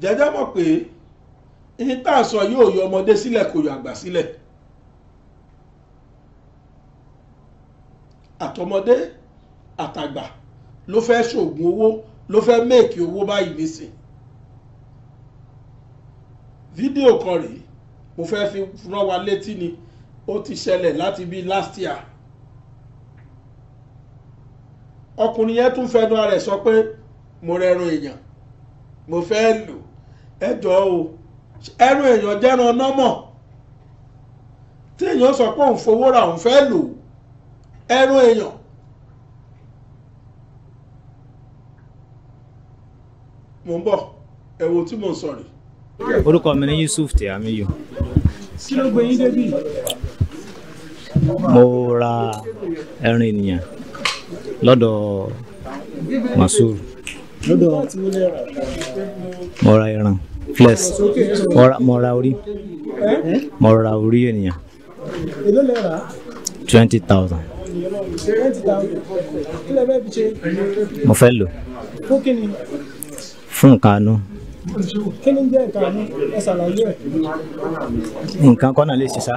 jẹ́jẹ́ <laughs> mọ̀ pé ní tá à ń sọ yóò yọ ọmọdé sílẹ̀ kò yọ àgbà sílẹ̀ àtọmọdé àtàgbà ló fẹ́ ṣoògùn owó ló fẹ́ méèkì owó báyìí nísìn fídíò kan rèé mo fẹ́ fi rán wa létí ni ó ti ṣẹlẹ̀ láti bíi last year ọkùnrin yẹn tún fẹnu ara ẹ̀ sọ pé mo rẹrun èèyàn mo fẹ́ lò ẹjọ́ o ẹrun èèyàn jẹ́ran nọ́mọ̀ tí èèyàn sọ pé òun fowó ra òun fẹ́ lò ẹrun èèyàn mò ń bọ̀ ẹ̀wò tí mò ń sọ rè. orúkọ mi ni Yusuf Tiyamiyu. kí ló gbé yín débi. mo ra ẹran ènìyàn lọ́dọ̀ Masur. lọ́dọ̀ tí mo lè rà. mo ra ẹran flex mo ra orí mo ra orí ènìyàn. twenty thousand mo fẹ́ lò fún nǹkan àánú. kí ni jẹ́ nǹkan àánú ẹ ṣàlàyé ẹ̀. nǹkan kọ́nà lè ṣe sá.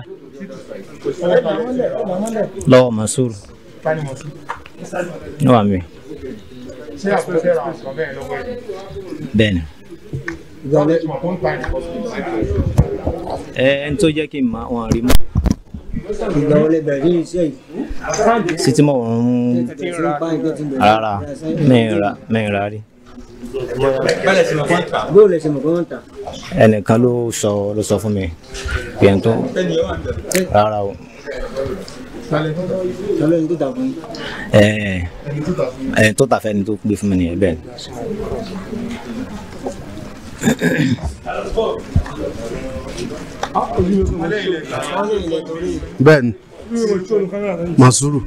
lọ́wọ́ Masur. lọ́wọ́ mi. bẹ́ẹ̀ ni ẹ ń tó jẹ́ kí n mọ àwọn àrímọ́. ìgbà wọlé bẹ̀rẹ̀ ní iṣẹ́ yìí. sí tí mo ń rárá mẹ́rin rà rí bóòlù ẹsẹ̀ mọ̀ kọ́ńtà. ẹnìkan ló sọ ló sọ fún mi pé n tó rárá o. Tọ́lọ́ ẹni tó tà fún yín. Ẹni tó tà fún ẹni tó gbé fún mi nìyẹn bẹ́ẹ̀. Bẹ́ẹ̀ni, Masuru,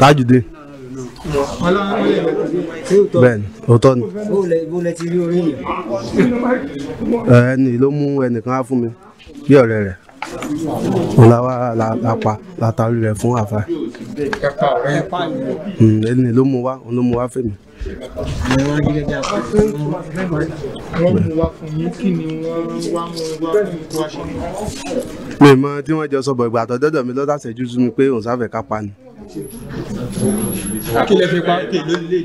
Tajude bẹ́ẹ̀ni òótọ́ ni. ẹni ló mú ẹnìkan á mi bí ọ̀rẹ́ rẹ̀ wọn la wá la pa la taari rẹ̀ fún àfa. Hmm, ẹni ló mú wá ló mú wá fèmí mi mọ tí wọn jọ sọ bọ ìgbà àtọjọdọ mi lọ láṣẹjú sí mi pé òun sáfẹ ká pa ni kí lè fi pa kí ló lè lè.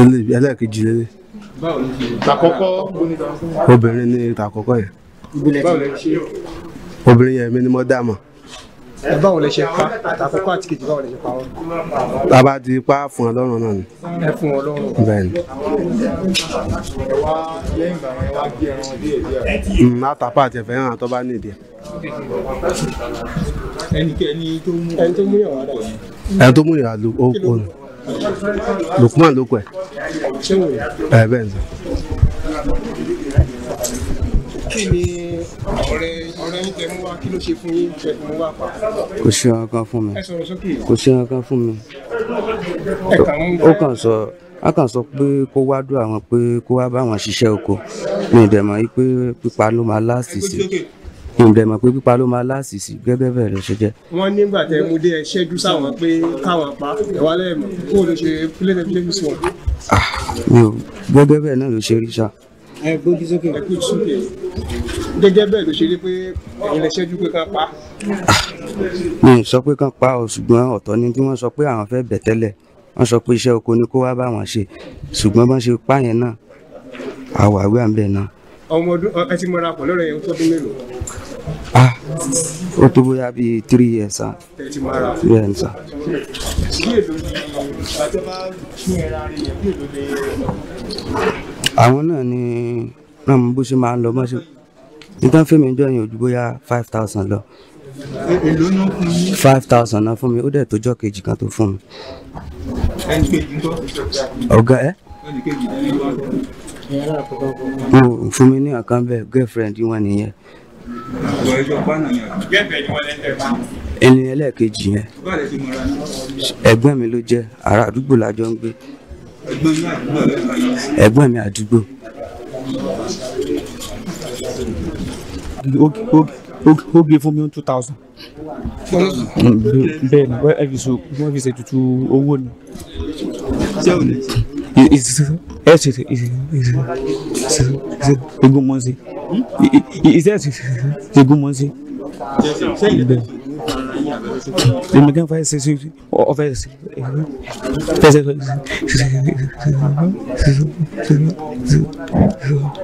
ẹlẹ́ẹ̀kejì lélẹ̀. tàkọ́kọ́ obìnrin ni tàkọ́kọ́ yẹn. obìnrin yẹn mi ni mo dá mọ̀. ẹ báwo lè ṣe pa tàkọ́kọ́ àti kejì báwo lè ṣe pa wọn. bàbá ti pa fún ọ lọ́rùn náà ni. ẹ fún ọ lọ́rùn. bẹ́ẹ̀ ni. ẹ wá lẹ́yìn ìgbà yẹn wá bí ẹran díẹ̀ díẹ̀. látàpá hmm, àti ẹ̀fẹ̀ hàn tó bá nídìí ẹnikẹ́ni tó mú ẹni tó mú yàn wá dà ẹni tó mú yàn ló ó kó ni Lukman ló kọ ẹ ẹ bẹ́ẹ̀ ni. kí ni ọ̀rẹ́ ọ̀rẹ́ yín tẹ mú wá kí ló ṣe fún yín tẹ mú wá pa. kò ṣe nǹkan fún mi kò ṣe nǹkan fún mi ó kàn sọ a kàn sọ pé kó wá dùn àwọn pé kó wá bá wọn ṣiṣẹ́ oko mi ìdẹ̀mọ̀ yìí pé pípa ló máa láàsì ìrìnlẹ̀ mọ̀ pé pípa ló máa láàsìsì gẹ́gẹ́ bẹ́ẹ̀ ló ṣe jẹ́. wọ́n nígbà tẹ mú dé ṣẹ́jú sáwọn pé káwọn pa ẹ̀wá lẹ́ẹ̀mọ̀ kó o lè ṣe pílẹ̀tẹ̀ pílẹ̀tẹ̀ sí wọn. Ah, mi ò gẹ́gẹ́ bẹ́ẹ̀ náà ló ṣe rí ṣá. ẹ gbójú sókè ẹ gbójú sókè gẹ́gẹ́ bẹ́ẹ̀ ló ṣe rí pé ẹ̀yin lè ṣẹ́jú pé kán pa. Ah, mi ò sọ pé kán pa ọ ṣùgbọ́n ọ̀tọ̀ ni tí wọ́n sọ pé àwọn fẹ́ bẹ̀ tẹ́lẹ̀ wọ́n sọ pé iṣẹ́ oko ni kó wá bá wọn ṣe ṣùgbọ́n bọ́n ṣe pààyàn náà àwàwí à ń bẹ̀ náà. ọmọ ọdún ẹ ti mọra pọ̀ lọ́rọ̀ yẹn tó mélòó ah o tó bóyá bíi three years sa bẹ́ẹ̀ sa. àwọn náà ni náà mo bó ṣe máa ń lọ mọ́ ṣe nítorí fẹ́mi ìjọ yẹn ò bóyá five thousand lọ èlò náà fún mi. five thousand náà fún mi ó dẹ̀ tó jọ́ kejì kan tó fún mi. ẹnì kejì tó. ọ̀gá ẹ. ẹnì kejì tó. fún mi ní àkànbẹ girlfriend wọn nìyẹn ẹni ẹlẹ́ẹ̀kejì yẹn ẹ̀gbọ́n mi ló jẹ́ ará àdúgbò lájọ ń gbé ẹ̀gbọ́n mi àdúgbò ó gbé fún mi two thousand bẹ́ẹ̀ ni wọ́n fi ṣètùtù owó ni. Is it a good month. Is that a good month? The Megan Fire says of us.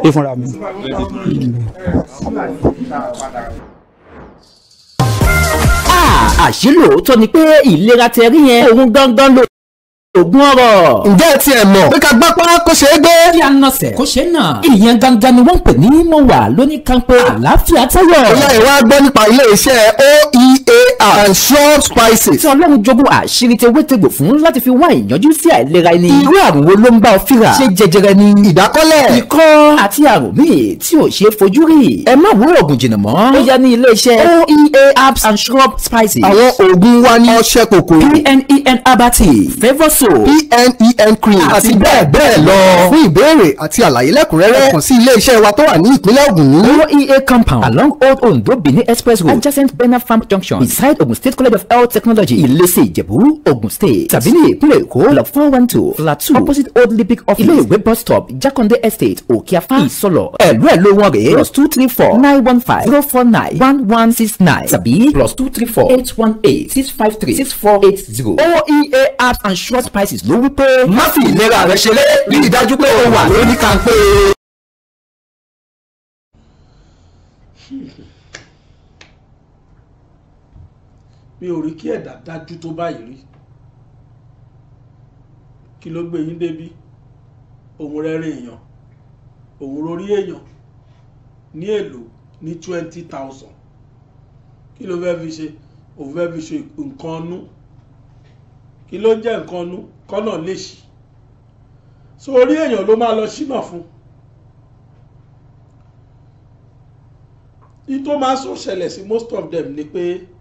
If I mean. Ah, àṣé lóòótọ́ ni pé ìlera tẹ̀rí yẹn òun gangan ló ògùn ọ̀rọ̀. ǹjẹ́ ti ẹ̀ mọ̀ bí ká gbọ́ pọ́n kó ṣe é gbé. kí a nọ sẹ̀ kó ṣe náà. ìyẹn gangan ni wọ́n ń pè ní mo wà lóní kan pé àlàáfíà tẹ́yọ̀. ìyá ìwà gbọ́ nípa ilé iṣẹ́ oea and sure spices. tí ọlọ́run jogún àṣírí tewé tegbò fún láti fi wá ìyanjú sí àìlera ẹni. irú àrùn wo ló ń bá ọ fíra. ṣé jẹjẹrẹ ni. ìdákọ́lẹ̀. ikọ́ àti àrùn míì tí ò ṣeé fojú rí. ẹ má wúrò oògùn jìnnà mọ́. ó yá ní ilé iṣẹ́ oea herbs and shrub spices. àwọn oògùn wa ní ọṣẹ kòkó. pnen herbal tea favour soap. pnen e cream àti bẹ́ẹ̀ bẹ́ẹ̀ lọ. fún ìbéèrè àti àlàyé lẹ́kùnrẹ́rẹ́ kàn sí ilé iṣẹ́ wa tó wà ní ìpínlẹ̀ Ògùn. oea compound along old Ondo Benin express road adjacent Bena farm junction beside beside Ogun State College of Health Technology Ilese Ijebu Ogun State Sabini, ní ìpínlẹ̀ Èkó block four one two flat two opposite Old Olympic office ilé ìwé bus stop Jakonde Estate Òkèafá Ìsọlọ̀ ẹ̀lú ẹ̀ plus two three four nine one five zero four nine one one six nine tàbí plus two three four eight one eight six five three six four eight zero OEA apps and short prices ló wí pé má fi ìlera rẹ ṣeré rí i dájú pé o wà lórí kàńpé. <laughs> mi ò rí kí ẹ̀dá dájú tó báyìí rí kí ló gbé yín débi òun rẹ́rìn èèyàn òun rorí èèyàn ní èlò ní twenty thousand kí ló fẹ́ fi ṣe òun fẹ́ fi ṣe nǹkan ọnú kí ló jẹ́ nǹkan ọnú kọ́nà lè ṣí so orí èèyàn ló máa lọ ṣínà fún ní tó máa sọ ṣẹlẹ̀ sí most of them ni pé. Pe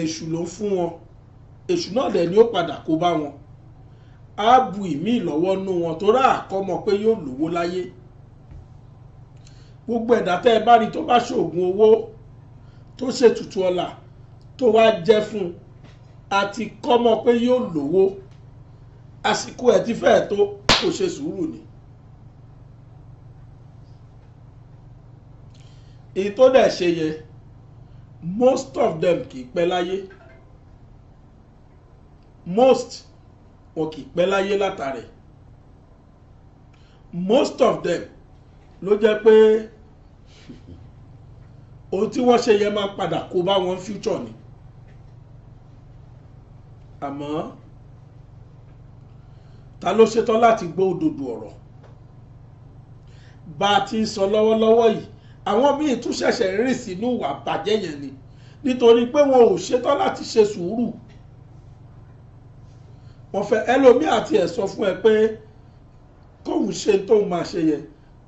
èṣù ló fún wọn èṣù náà dẹ̀ ni ó padà kó bá wọn á bu ìmí lọ́wọ́ nú wọn tó rà àkọ́mọ pé yóò lówó láyé gbogbo ẹ̀dá tẹ́ ẹ bá rí tó bá ṣoògùn owó tó ṣètùtù ọ̀la tó wá jẹ́ fún un àti kọ́mọ pé yóò lówó àsìkò ẹ̀ ti fẹ́ẹ̀ tó kò ṣe sùúrù ni. èyí tó dẹ̀ ṣe yẹn most of them kì í pẹ́ láyé most wọn kì í pẹ́ láyé látàrí most of them ló jẹ́ pé <laughs> ohun tí wọ́n ṣe yẹn máa padà kó bá wọn future ni àmọ́ ta ló ṣetán láti gbọ́ òdodo ọ̀rọ̀ bá a ti ń sọ lọ́wọ́lọ́wọ́ yìí àwọn míì tún ṣẹ̀ṣẹ̀ rìn sínú ìwà bàjẹ́ yẹn ni nítorí pé wọn ò ṣetán láti ṣe sùúrù wọ́n fẹ́ ẹlòmíì àti ẹ̀ sọ fún ẹ pé kóun ṣe tóun máa ṣe yẹ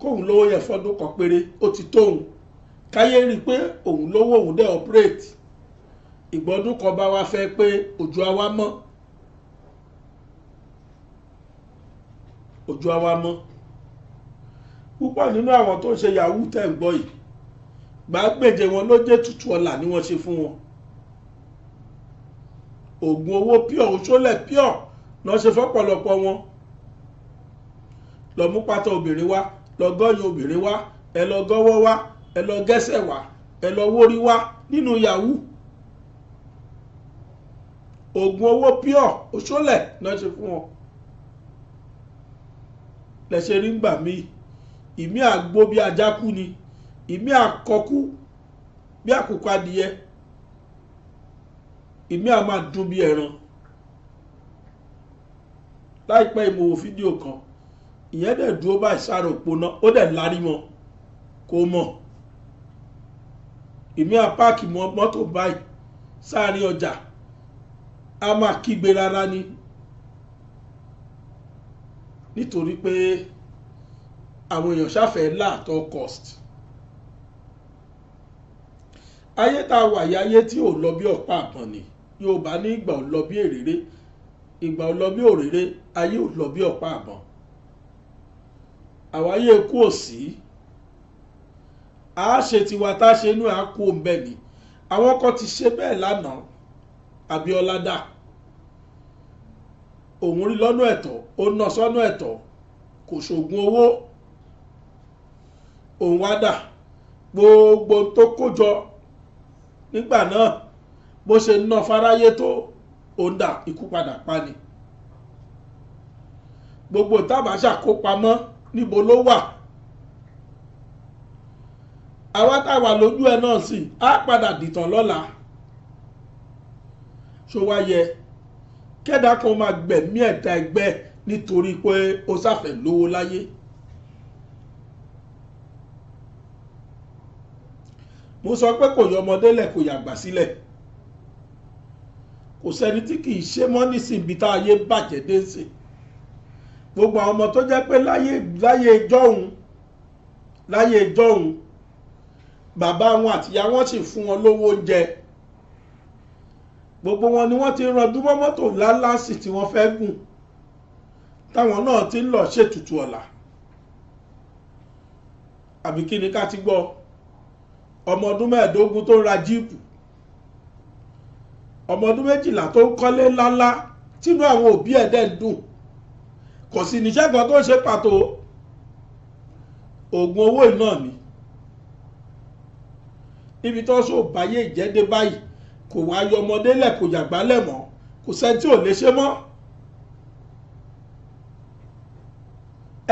kóun lówó yẹ fọdún kan péré ó ti tóun káyé rí i pé òun lówó òun dẹ̀ operate ìgbọ́dún kan bá wá fẹ́ pé òjò àwa mọ́ òjò àwa mọ́ púpọ̀ nínú àwọn tó ń ṣe yahoo tẹ̀ ń gbọ́ yìí gbàgbèjè wọn ló jẹ́ tutù ọ̀la ni wọ́n ṣe fún wọn oògùn owó pure òṣòlẹ̀ pure náà ṣe fọ́pọ̀lọpọ̀ wọn lọ mú pátá obìnrin wá lọ gọ́yìn obìnrin wá ẹ lọ gọ́wọ́ wá ẹ lọ gẹ́sẹ̀ wá ẹ lọ wórí wá nínú yahoo oògùn owó pure òṣòlẹ̀ náà ṣe fún wọn lẹ́sẹ̀ rí ń gbà míì ìmí àgbo bí ajákú ni ìmí àkọkú bí àkókò adìyẹ ìmí a máa dún bí ẹran láìpẹ́ ìmò fídíò kan ìyẹn dẹ̀ dúró báyìí sára òpó náà ó dẹ̀ lárí mọ́ kó mọ̀ ìmí a páàkì mọ́ mọ́tò báyìí sáàrin ọjà a máa kígbe rárá ni nítorí pé àwọn èèyàn ṣàfẹ́ là at cost ayé tá a wà yí ayé tí ò lọ bí ọ̀pá àpọ̀n ni yorùbá ní ìgbà ò lọ bí èrèrè ìgbà ò lọ bí òrèrè ayé ò lọ bí ọ̀pá àpọ̀n àwáyé kú òsì a ṣe tiwa tá a ṣe inú ẹ̀ á kú òǹbẹ̀ ni àwọn kan ti ṣe bẹ́ẹ̀ lánàá Abíọ́lá dà òun rí lọ́nà ẹ̀tọ́ ó ná sọ́nà ẹ̀tọ́ kò ṣoògùn owó òun wá dà gbogbo tó kó jọ nígbà náà bó ṣe ná fáráyé tó òun dà ikú padà pa ni gbogbo tábàṣà kó pamọ́ níbo ló wà àwa táwa lójú ẹ náà sì á padà dìtàn lọ́la ṣó wá yẹ kẹ́dà kan máa gbẹ̀mí ẹ̀dá ẹgbẹ́ nítorí pé ó sáfẹ́ lówó láyé. mo sọ pé kò yọ ọmọdé lẹ̀ kò yàgbà sílẹ̀ kò sẹ́ni tí kì í ṣe mọ́ nísìnyí tá ayé bàjẹ́ dé sí gbogbo àwọn ọmọ tó jẹ́ pé láyé láyé ìjọ́hun láyé ìjọ́hun bàbá wọn àtìyá wọn sì fún wọn lówó oúnjẹ gbogbo wọn ni wọ́n ti ran dúmọ́ mọ́tò láláàsì tí wọ́n fẹ́ gùn táwọn náà ti ń lọ ṣètùtù ọ̀la àbí kí ni ká ti gbọ́ ọ ọmọ ọdún mẹ́ẹ̀ẹ́dógún tó ń ra jíìpù ọmọ ọdún méjìlá tó ń kọ́lé ńláńlá tínú àwọn òbí ẹ̀ dẹ̀ ń dùn kò sì níṣẹ́ kan tó ń ṣe pàtó oògùn owó iná ni ibi tó sọ báyé ìjẹ́dé báyìí kò wá yọ ọmọdé lẹ̀ kò yàgbá lẹ̀ mọ́ kò sẹ́ni tí ò lè ṣe mọ́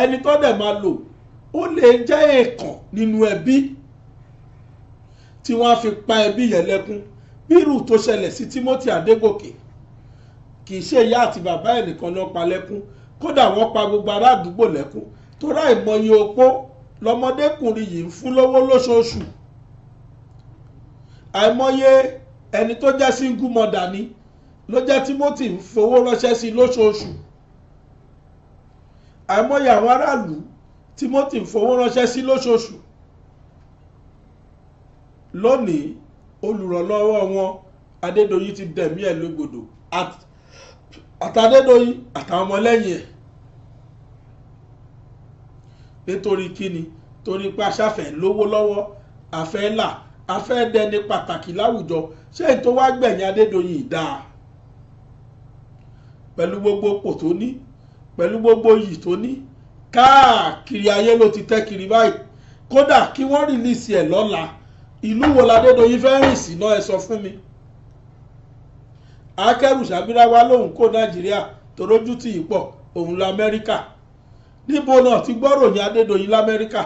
ẹni tó dẹ̀ máa lò ó lè jẹ́ èèkàn nínú ẹbí. E tí wọ́n á fi pa ẹbí yẹn lẹ́kún bírù tó ṣẹlẹ̀ sí Timothy Adégòkè kì í ṣe ìyá àti bàbá ẹ̀ nìkan ló pa lẹ́kún kódà wọ́n pa gbogbo ará àdúgbò lẹ́kún torá ìmọye opó lọmọdékùnrin yìí ń fún lówó lóṣooṣù àìmọye ẹni tó jẹ́ single mother ni ló jẹ́ Timothy ń fowó ránṣẹ́ sí lóṣooṣù àìmọye àwọn aráàlú Timothy ń fowó ránṣẹ́ sí lóṣooṣù lónìí olùrànlọ́wọ́ wọn adédọ́yìn ti dẹ̀mí ẹ̀ lógbòdò àtàdédọ́yìn àtàwọn ọmọlẹ́yìn ẹ̀ nítorí kíni torí pé aṣáfẹ́ lówó lọ́wọ́ àfẹ́ là àfẹ́ dẹni pàtàkì láwùjọ ṣé èyí tó wá gbẹ̀yìn adédọ́yìn dáa pẹ̀lú gbogbo pò tó ní pẹ̀lú gbogbo yìí tó ní káàkiri ayé ló ti tẹ́ kiri báyìí kódà kí wọ́n rìlíìsì ẹ̀ lọ́la ìlú wo l'Adédoyin fẹ́ rìn sí náà ẹ sọ fún mi akẹ́rù sàbíráwá lòun kó nàìjíríà tó rójú tì í pọ̀ òun lamẹ́ríkà níbo náà ti gbọ́ ròyìn Adédoyin lamẹ́ríkà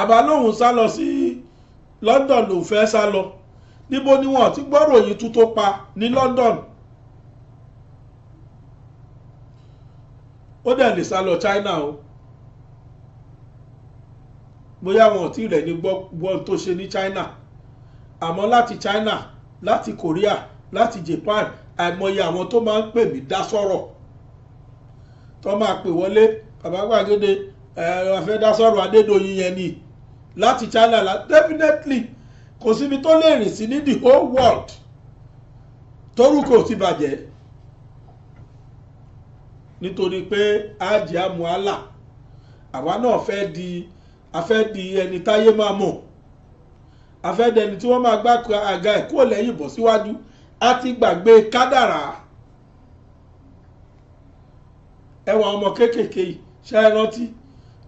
àbá lòun sá lọ sí London lòun fẹ́ sá lọ níbo ni wọn ti gbọ́ ròyìn tú pa ní London ó dẹ̀ lè sá lọ China o. Oh bóyá wọn ò tí ì rẹ̀ ní gbọ́n tó ṣe ní China àmọ́ láti China láti Korea láti Japan àìmọye àwọn tó máa ń pè mí dá sọ̀rọ̀ tó máa pè wọlé bàbá gbàgede ẹ̀rọ afẹ́ dá sọ̀rọ̀ Adédoyin yẹn ni láti China la definitely kò síbi tó lè rìn sí ní the whole world torúkọ ti bàjẹ́ nítorí pé ájì àmúhálà àwa náà fẹ́ di a fẹ́ di ẹni táyé máa mọ̀ a fẹ́ di ẹni tí wọ́n máa gbá àga ẹ̀ kúrò lẹ́yìn bọ̀ síwájú a ti gbàgbé kádàrá ẹwà ọmọ kéékèèké yìí ṣe é rántí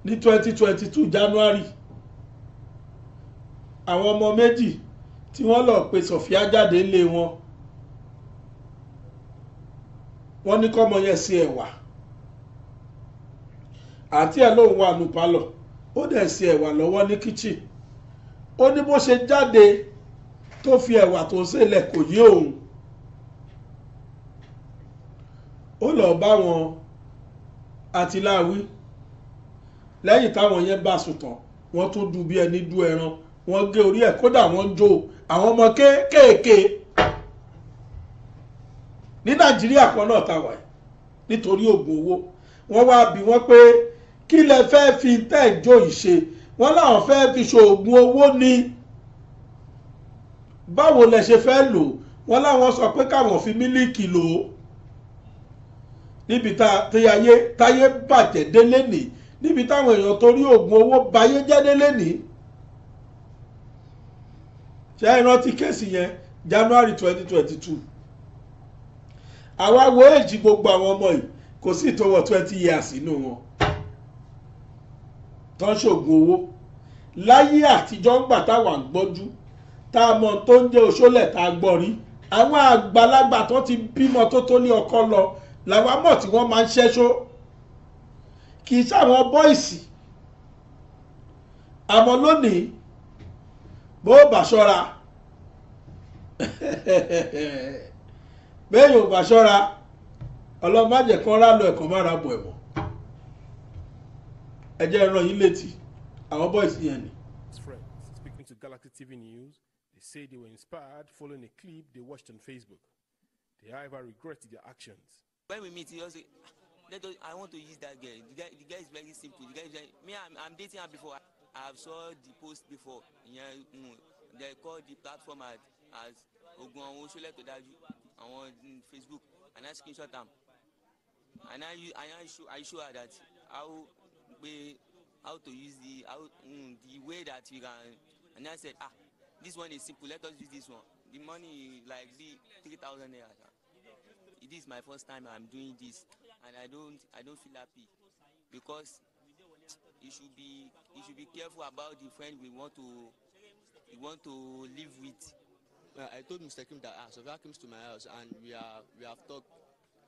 ní twenty twenty two January àwọn ọmọ méjì tí wọ́n lọ pe Sofia jáde lé wọn wọ́n ní kọ́mọ yẹn sí ẹ̀wà àti ẹ̀ lóun wà nù ó dẹ̀ ṣe ẹ̀wà lọ́wọ́ ní kíchìn ó ní bó ṣe jáde tó fi ẹ̀wà tó ṣe lẹ̀ kò yé òun ó lọ́ọ́ bá wọn àtìláwí lẹ́yìn táwọn yẹn bá sùn tán wọ́n tún du bí ẹni du ẹran wọ́n gé orí ẹ̀ kódà wọ́n jó àwọn ọmọ kéékèèké ní nàìjíríà kan náà táwa yìí nítorí oògùn owó wọ́n wá bí wọ́n pé kí lẹ fẹ́ fi tẹ́jọ́ ìṣe wọ́n láwọn fẹ́ fi ṣoògùn owó ni báwo lẹ ṣe fẹ́ lò wọ́n láwọn sọ pé káwọn fi mílíìkì lò ó níbi táyé táyé bàjẹ́ délé nì níbi táwọn èèyàn torí oògùn owó bayé jẹ́ délé nì ṣé ẹ rántí kéèsì yẹn January twenty twenty two àwa wo èjì gbogbo àwọn ọmọ yìí kò sí ìtọwọ́ twenty years inú wọn tó ń ṣoògùn owó láyé àtijọ́ ńgbà táwa ń gbọ́jú tá a mọ tó ń jẹ́ òṣòlẹ̀ tá a gbọ́ rí àwọn àgbàlagbà tó ti bímọ tó tó ní ọkọ lọ làwọn mọ̀ tí wọ́n máa ń ṣẹ́ṣó kì í sáwọn bọ́ìsì àmọ́ lónìí bó bá ṣọ́ra <laughs> bẹ́ẹ̀ yóò bá ṣọ́ra ọlọ́mọ àjẹkọ́ rálọ̀ ẹ̀kọ́ mára bọ̀ ẹ̀wọ̀n ẹ jẹ́ ẹran yín létí àwọn boys yẹn ni. Speaking to Galaxy TV News, they say they were inspired following a clip they watched on Facebook. They however regret their actions. When we meet, he also ah, let us, I want to use that girl. The guy, the guy is very simple. The guy is very, me, I'm, I'm dating her before. I have saw the post before. Yeah, mm, they call the platform as, as Ogun Awon Soleto Daju on Facebook, and I screenshot them. And I, I show, I show her that how pé how to use the how mm, the way that we can and I said ah this one is simple let us use this one the money like the three thousand naira it is my first time I'm doing this and I don't I don't feel happy because you should be you should be careful about the friend we want to we want to live with. Well, I told Mr. Kim that ah, Sofia comes to my house and we are we have talked.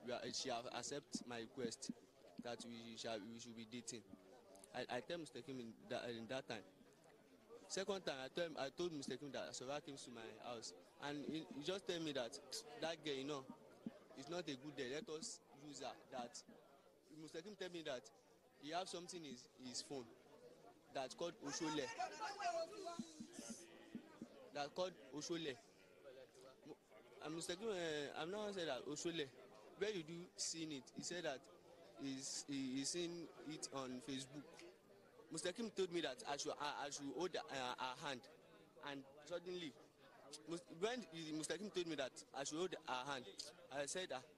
We are, she have accept my request that we shall we should be dating. I, I tell Mr. Kim in that, in that time. Second time, I told, him, I told Mr. Kim that Asobia came to my house. And he, he just tell me that that girl, you know, is not a good girl. Let us use her. That Mr. Kim tell me that he have something in his, his phone That's called Oshole. That's called Oshole. And uh, I'm not say that Oshole. Where you do seen it? He said that is is in it on Facebook. Mustakim told me that I should I, I should hold uh, her hand, and suddenly, when Mustakim told me that I should hold her hand, I said that. Ah,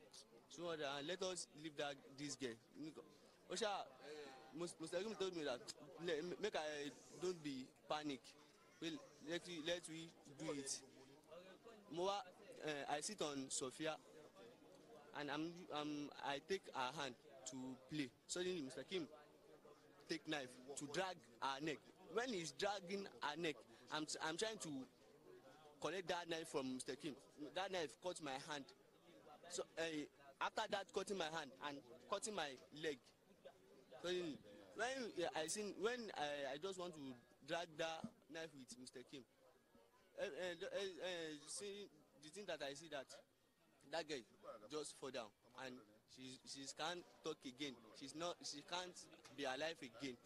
so uh, let us leave that this girl. Osha, Mustakim told me that make I don't be panic. Well, let we let we do it. Mowa, uh, eh, I sit on Sophia, and I'm, I'm I take her hand. to play. Suddenly, Mr. Kim take knife to drag our neck. When he's dragging our neck, I'm, I'm trying to collect that knife from Mr. Kim. That knife cut my hand. So uh, after that, cutting my hand and cutting my leg. Suddenly, when I seen, when I, I just want to drag that knife with Mr. Kim, uh, uh, uh, uh, see the thing that I see that that guy just fall down and she she can't talk again. She's not. She can't be alive again.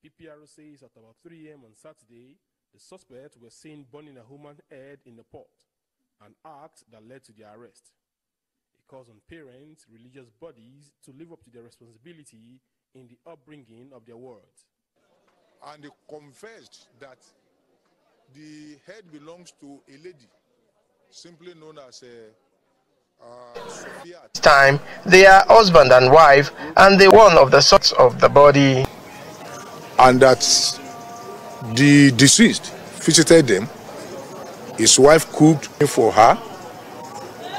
The PPRO says at about 3 a.m. on Saturday, the suspects were seen burning a human head in the port, an act that led to their arrest. It calls on parents, religious bodies to live up to their responsibility in the upbringing of their wards. And they confessed that the head belongs to a lady, simply known as a uh, time they are husband and wife and they one of the sorts of the body and that the deceased visited them his wife cooked for her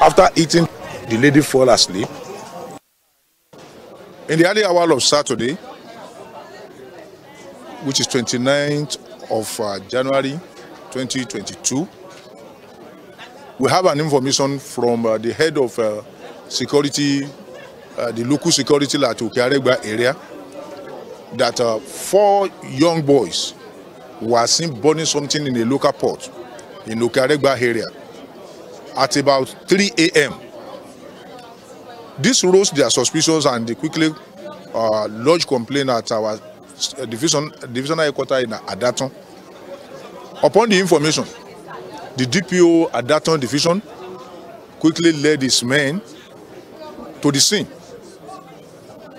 after eating the lady fell asleep in the early hour of saturday which is twenty ninth of uh, january two we have an information from uh, the head of uh, security, uh, the local security at Okearegba area, that uh, four young boys were seen burning something in a local port in Okearegba area at about 3 a.m. This rose their suspicions and they quickly uh, lodged complaint at our uh, division, divisional headquarters in Adaton. Upon the information, The DPO at that time Division quickly led his men to the scene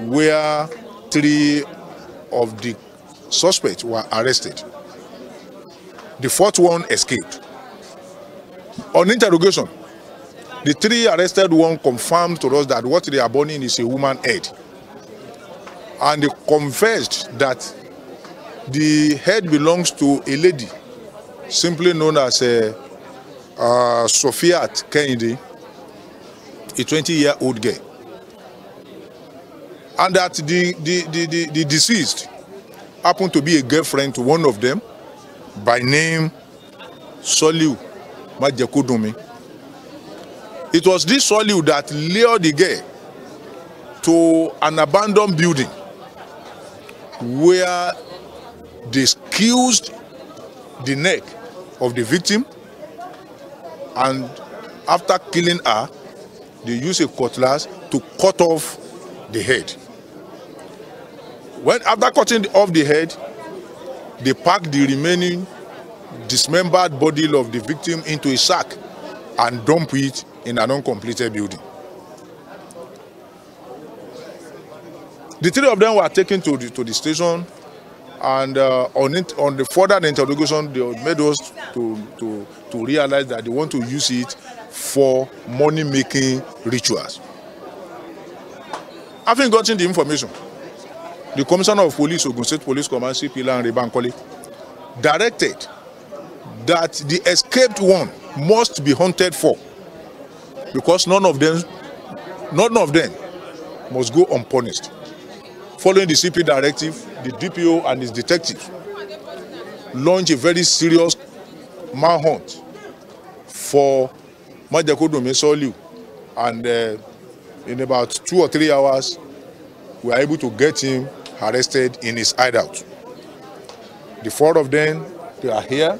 where three of the suspects were arrested. The fourth one escaped. On interrogation, the three arrested one confirmed to us that what they are burning is a woman head. And they confessed that the head belongs to a lady, simply known as a uh, uh, Sofiat Kehinde, a 20-year-old girl, and that the, the, the, the, the deceased happened to be a girlfriend to one of them by name Soliu Majekodunmi. It was this Soliu that lured the girl to an abandoned building where they skewed the neck of the victim and after killing her they use a cutlass to cut off the head when after cutting off the head they pack the remaining dismembered body of the victim into a sack and dump it in an uncompleted building. The three of them were taken to the, to the station and uh, on it, on the further interrogation they made us to to to realize that they want to use it for money making rituals having gotten the information the commissioner of police ogun state police command cp lanre bankole directed that the escaped one must be hunted for because none of them none of them must go unpunished following the cp directive the DPO and his detectives launch a very serious manhunt for Majakodunmi Soliu and uh, in about two or three hours we are able to get him arrested in his hideout. The four of them, they are here.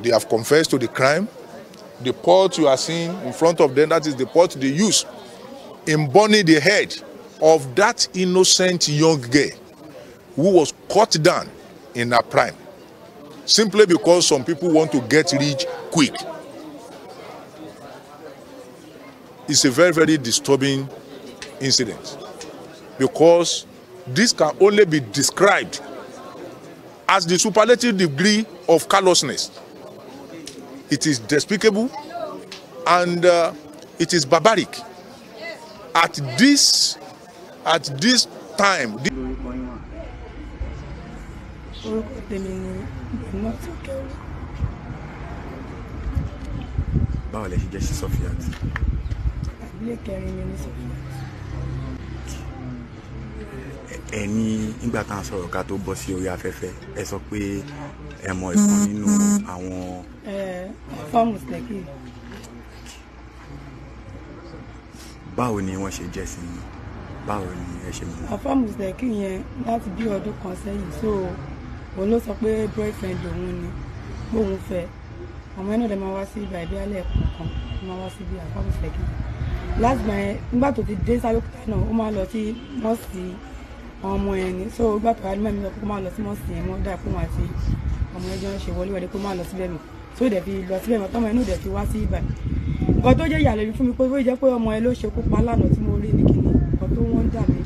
They have confessed to the crime. The pot you are seeing in front of them, that is the pot they use in burning the head of that innocent young girl who was cut down in her prime simply because some people want to get rich quick. It's a very, very disturbing incident because this can only be described as the superlative degree of callousness. It is despicable and uh, it is barbaric. At this, at this time. This orúkọ tèmi ni bẹ̀rùnà sọ́kẹ́wò. báwo lẹ ṣe jẹ́ sí Sọfiat. àbílẹ̀ kẹrin mi ní Sọfiat. ẹ ní nígbà tá à ń sọ̀rọ̀ ká tó bọ́ sí orí afẹ́fẹ́ ẹ sọ pé ẹ mọ ìkan nínú àwọn. fọ́ọ̀mù sẹ́kì. báwo ni wọ́n ṣe jẹ́ sí i báwo ni ẹ ṣe mọ̀. àfọ́ọ̀mù sẹ́kì yẹn láti bí ọdún kan sẹ́yìn so òun ló sọ pé boyfriend òun ni bóun fẹ́ àwọn ẹni ọ̀dẹ̀ máa wá sí ibà ìbí alẹ́ kọ̀ọ̀kan ó máa wá sí ibi àfáàmù sẹ́kì last man nígbà tó ti dé sáyókútà náà ó máa lọ sí mọ́ọ̀sì ọmọ ẹni so ìgbà tó adúmọ̀ mi lọ kó máa lọ sí mọ́ọ̀sì yẹn mọ́ dáa kó máa ti ọmọ ẹjọ́ ṣe wọléwọlé kó máa lọ síbẹ̀ mọ́ so ìdẹ̀ fi lọ síbẹ̀ mọ́ tọ́mọ ẹnu ìdẹ̀ fi wá sí ibà nǹkan tó jẹ́ ìyàlẹ́bí fún mi pé ó jẹ́ pé ọmọ ẹ ló ṣekú pa lánàá tí mo rí ní nǹkan tó wọ́n dà mí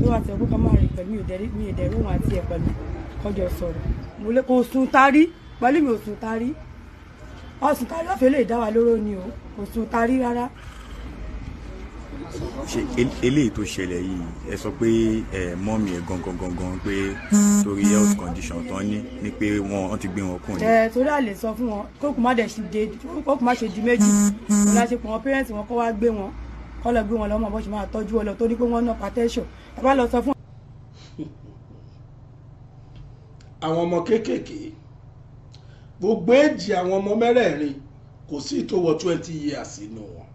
tó wà tí kan máa rìn pẹ̀lú mi ò dẹ̀rí òun àti ẹ̀ pẹ̀lú kọjọ sọ̀rọ̀ mo lè kò sun tarí pẹ̀lú mi ò sun tarí ọ̀sùn tarí ọ̀fẹ́ lè dá wa lóró ni o kò sun tarí rárá. ṣe eléyìí tó ṣẹlẹ̀ yìí ẹ sọ pé ẹ mọ́ mi ẹ gangan gangan pé torí health condition tán ní ni pé wọ́n ti gbé wọn kùn ní. ẹ torí à lè sọ fún wọn kókò má dẹ̀ ṣe dé kókò má ṣe di méjì wọn la ṣe pọ̀ wọn pẹ́rẹ́ǹtì wọn kó wá gbé wọn kọ́ lọ gbé wọn lọ́mọ bó ṣe máa tọ́jú ọ lọ torí pé wọ́n ná patẹ́ṣọ̀ ẹ bá lọ sọ fún àwọn ọmọ kéékèèké gbogbo èjì àwọn ọmọ mẹ́rẹ̀ẹ̀rin kò sí tó wọ twenty years nù wọn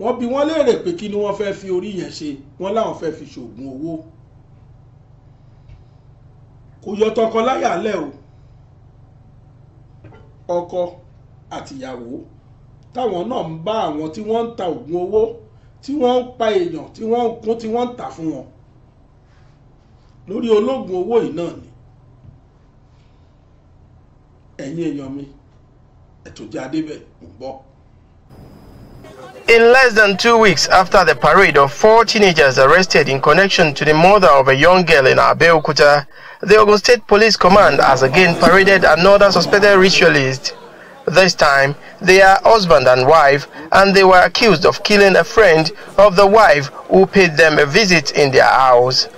wọ́n bi wọ́n léèrè pé kí ni wọ́n fẹ́ fi orí yẹn ṣe wọ́n láwọn fẹ́ fi ṣoògùn owó kò yọ tọkọláyà lẹ̀ o ọkọ àtìyàwó táwọn náà ń bá àwọn tí wọ́n ń ta oògùn owó tí wọ́n ń pa èèyàn tí wọ́n ń kún tí wọ́n ń tà fún wọn lórí olóògùn owó yìí náà ni In less than two weeks after the parade of four teenagers arrested in connection to the murder of a young girl in Abeokuta, the Ogun State Police Command has again paraded another suspected ritualist. This time, they are husband and wife, and they were accused of killing a friend of the wife who paid them a visit in their house.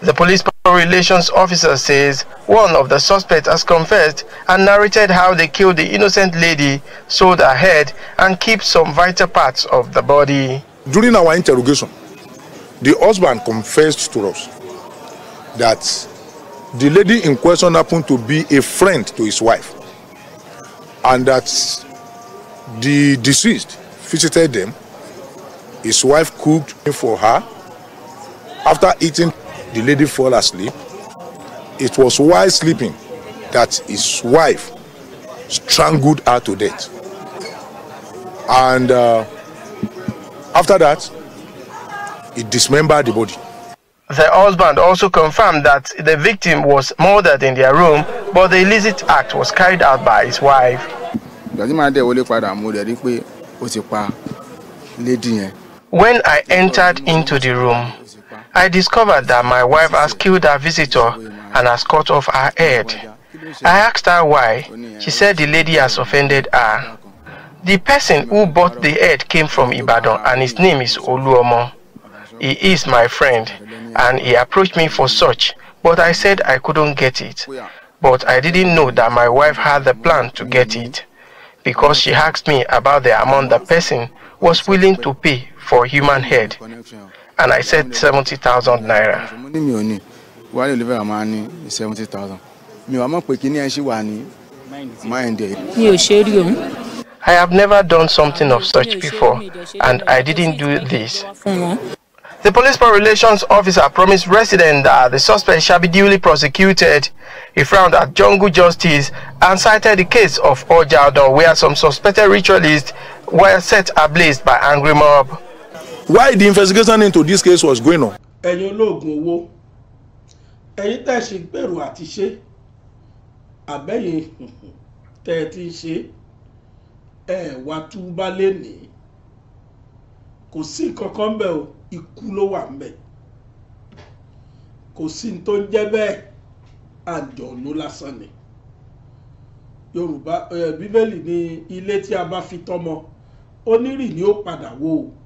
The police Relations officer says one of the suspects has confessed and narrated how they killed the innocent lady, sold her head, and kept some vital parts of the body. During our interrogation, the husband confessed to us that the lady in question happened to be a friend to his wife and that the deceased visited them. His wife cooked for her. After eating the lady fell asleep. It was while sleeping that his wife strangled her to death. And uh, after that, he dismembered the body. The husband also confirmed that the victim was murdered in their room, but the illicit act was carried out by his wife. When I entered into the room, I discovered that my wife has killed her visitor and has cut off her head. I asked her why. She said the lady has offended her. The person who bought the head came from Ibadan and his name is Oluomo. He is my friend and he approached me for such, but I said I couldn't get it. But I didn't know that my wife had the plan to get it because she asked me about the amount the person was willing to pay for human head. and I said seventy thousand naira. mo ní mi ò ní wálé olùfẹ́ máa ní seventy thousand mi ò mọ̀ pé kí ni ẹ ṣì wà ní mind ẹ̀. mi ò ṣe rí òun. I have never done something of such before and I didn't do this. The police relations officer promised residents that the suspect shall be duly prosecuted. He frowned at jungle justice and cited the case of Ojado where some suspected ritualists were set ablaze by angry mob. Why the investigation into this case was going on. ẹ̀yin olóògùn owó ẹ̀yin tẹ́ ẹ ṣe gbèrò àti ṣe àbẹ́yìn <laughs> tẹ́ ẹ ti ṣe ẹ wá túbá lénìí kò sí kankan ń bẹ̀ o ikú ló wà ń bẹ̀ kò sí ní tó ń jẹ́ bẹ́ẹ̀ àjọ̀nú lásán ni yorùbá bíbélì ní ilé tí a bá fi tọ́mọ onírì ni ó padà wó o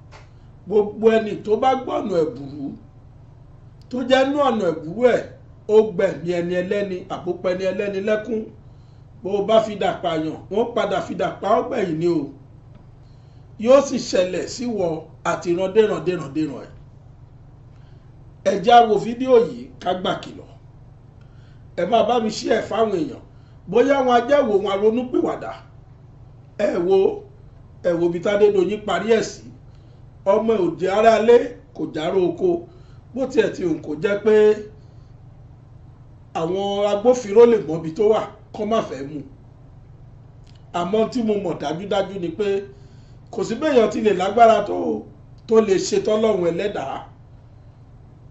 gbogbo ẹni tó bá gbọ́nà ẹ̀bùrú tó jẹ́ nú ọ̀nà ẹ̀bùrú ẹ̀ ó gbẹ̀mí ẹni ẹlẹ́ni àpòpọ̀ ẹni ẹlẹ́ni lẹ́kún bó o bá fi dà pààyàn wọ́n padà fi dà pa ọ́ gbẹ̀yìn ni o yóò sì ṣẹlẹ̀ síwọ àti ìrandéranderanderan ẹ̀ ẹ jẹ́ á wo fídíò yìí ká gbà kìlọ̀ ẹ máa bá mi ṣí ẹ̀ fáwọn èèyàn bóyá wọn ajẹ́wò wọn ronú ẹ wo ẹ wo bí Tádédoyin parí ẹ̀ sí ọmọ òjì aráalé kò járó oko bó tiẹ̀ ti òun kò jẹ́ pé àwọn agbófinró lè mọbi tó wà kó má fẹ́ mú àmọ́ tí mo mọ̀ dájúdájú ni pé kò sí béèyàn ti lè lágbára tó tó lè ṣetán lọ́hùn ẹlẹ́dàá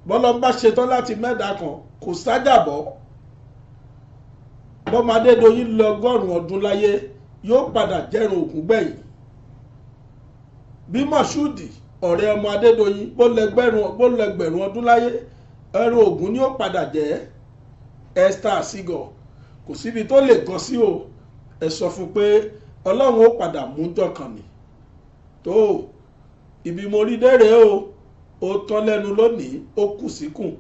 bọ́lọ́n ṣetán láti mẹ́ta kan kò sájàbọ́ bọ́mọ Adédoyin ún ọdún láyé yóò padà jẹ́rùn ògùn gbẹ̀yìn bí Moshood ọ̀rẹ́ ọmọ Adédoyin bó lẹgbẹ̀rún ọdún láyé ẹrù Ògún ni ó padà jẹ́ Esther Sigor kò síbi tó lè gan sí o ẹ sọ fún pé Ọlọ́run ó padà mú jọkàn ni tó ibi mo rí dére o ó tán lẹ́nu lónìí ó kù síkùn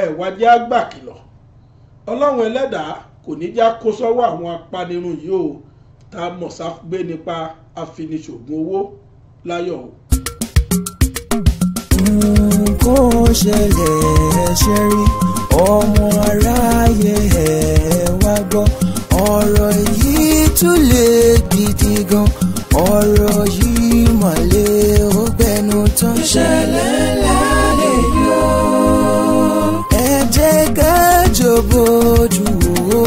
ẹ wájẹ́ àgbà kìlọ̀ Ọlọ́run ẹlẹ́dàá kò ní já kó sọ́wọ́ àwọn apanirun yìí o tá a nípa afiniṣògùn owó láyọ̀ o kó ṣẹlẹ̀ ẹ ṣe rí ọmọ aráyé ẹ wá gbọ́ ọ̀rọ̀ yìí tún lè gidi gan ọ̀rọ̀ yìí mà lè ó gbẹnu tán. ìṣẹ̀lẹ̀ ńlá lè ẹ jẹ́ ká jọ̀bọ̀ ojú wo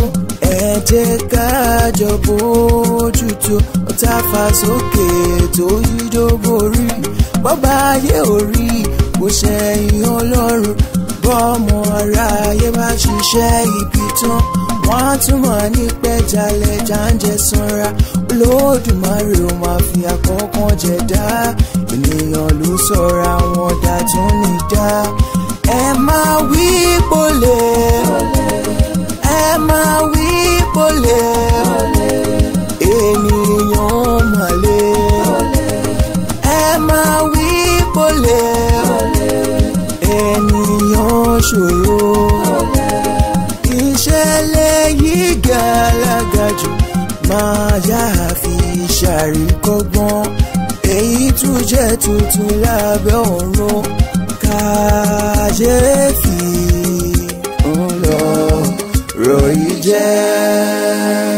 ẹ jẹ́ ká jọ̀bọ̀ ojú tó tá a fà sókè tó yí dó borí bọ́ba ayé orí kò ṣẹ̀yìn ọlọ́run bọ́ọ̀mù ara ayé bá ṣiṣẹ́ ibi tán wọ́n á túmọ̀ ní pẹ́jálẹ̀ jáǹjẹ́ sanra olódùmarè ó máa fi àkọ́kàn jẹ dá ènìyàn ló sọ̀ra wọn dá tún ní dá ẹ máa wí pọ̀lẹ́ ẹ máa wí pọ̀lẹ́ ènìyàn. máa wí pọ̀lẹ́ ènìyàn ṣòro ìṣẹ̀lẹ̀ yìí gàlágà jù máa yá àfi ṣàríkọ́gbọ́n èyí tún jẹ́ tuntun lábẹ́ ọ̀run kàyéfì ń lọ ròyìn jẹ́.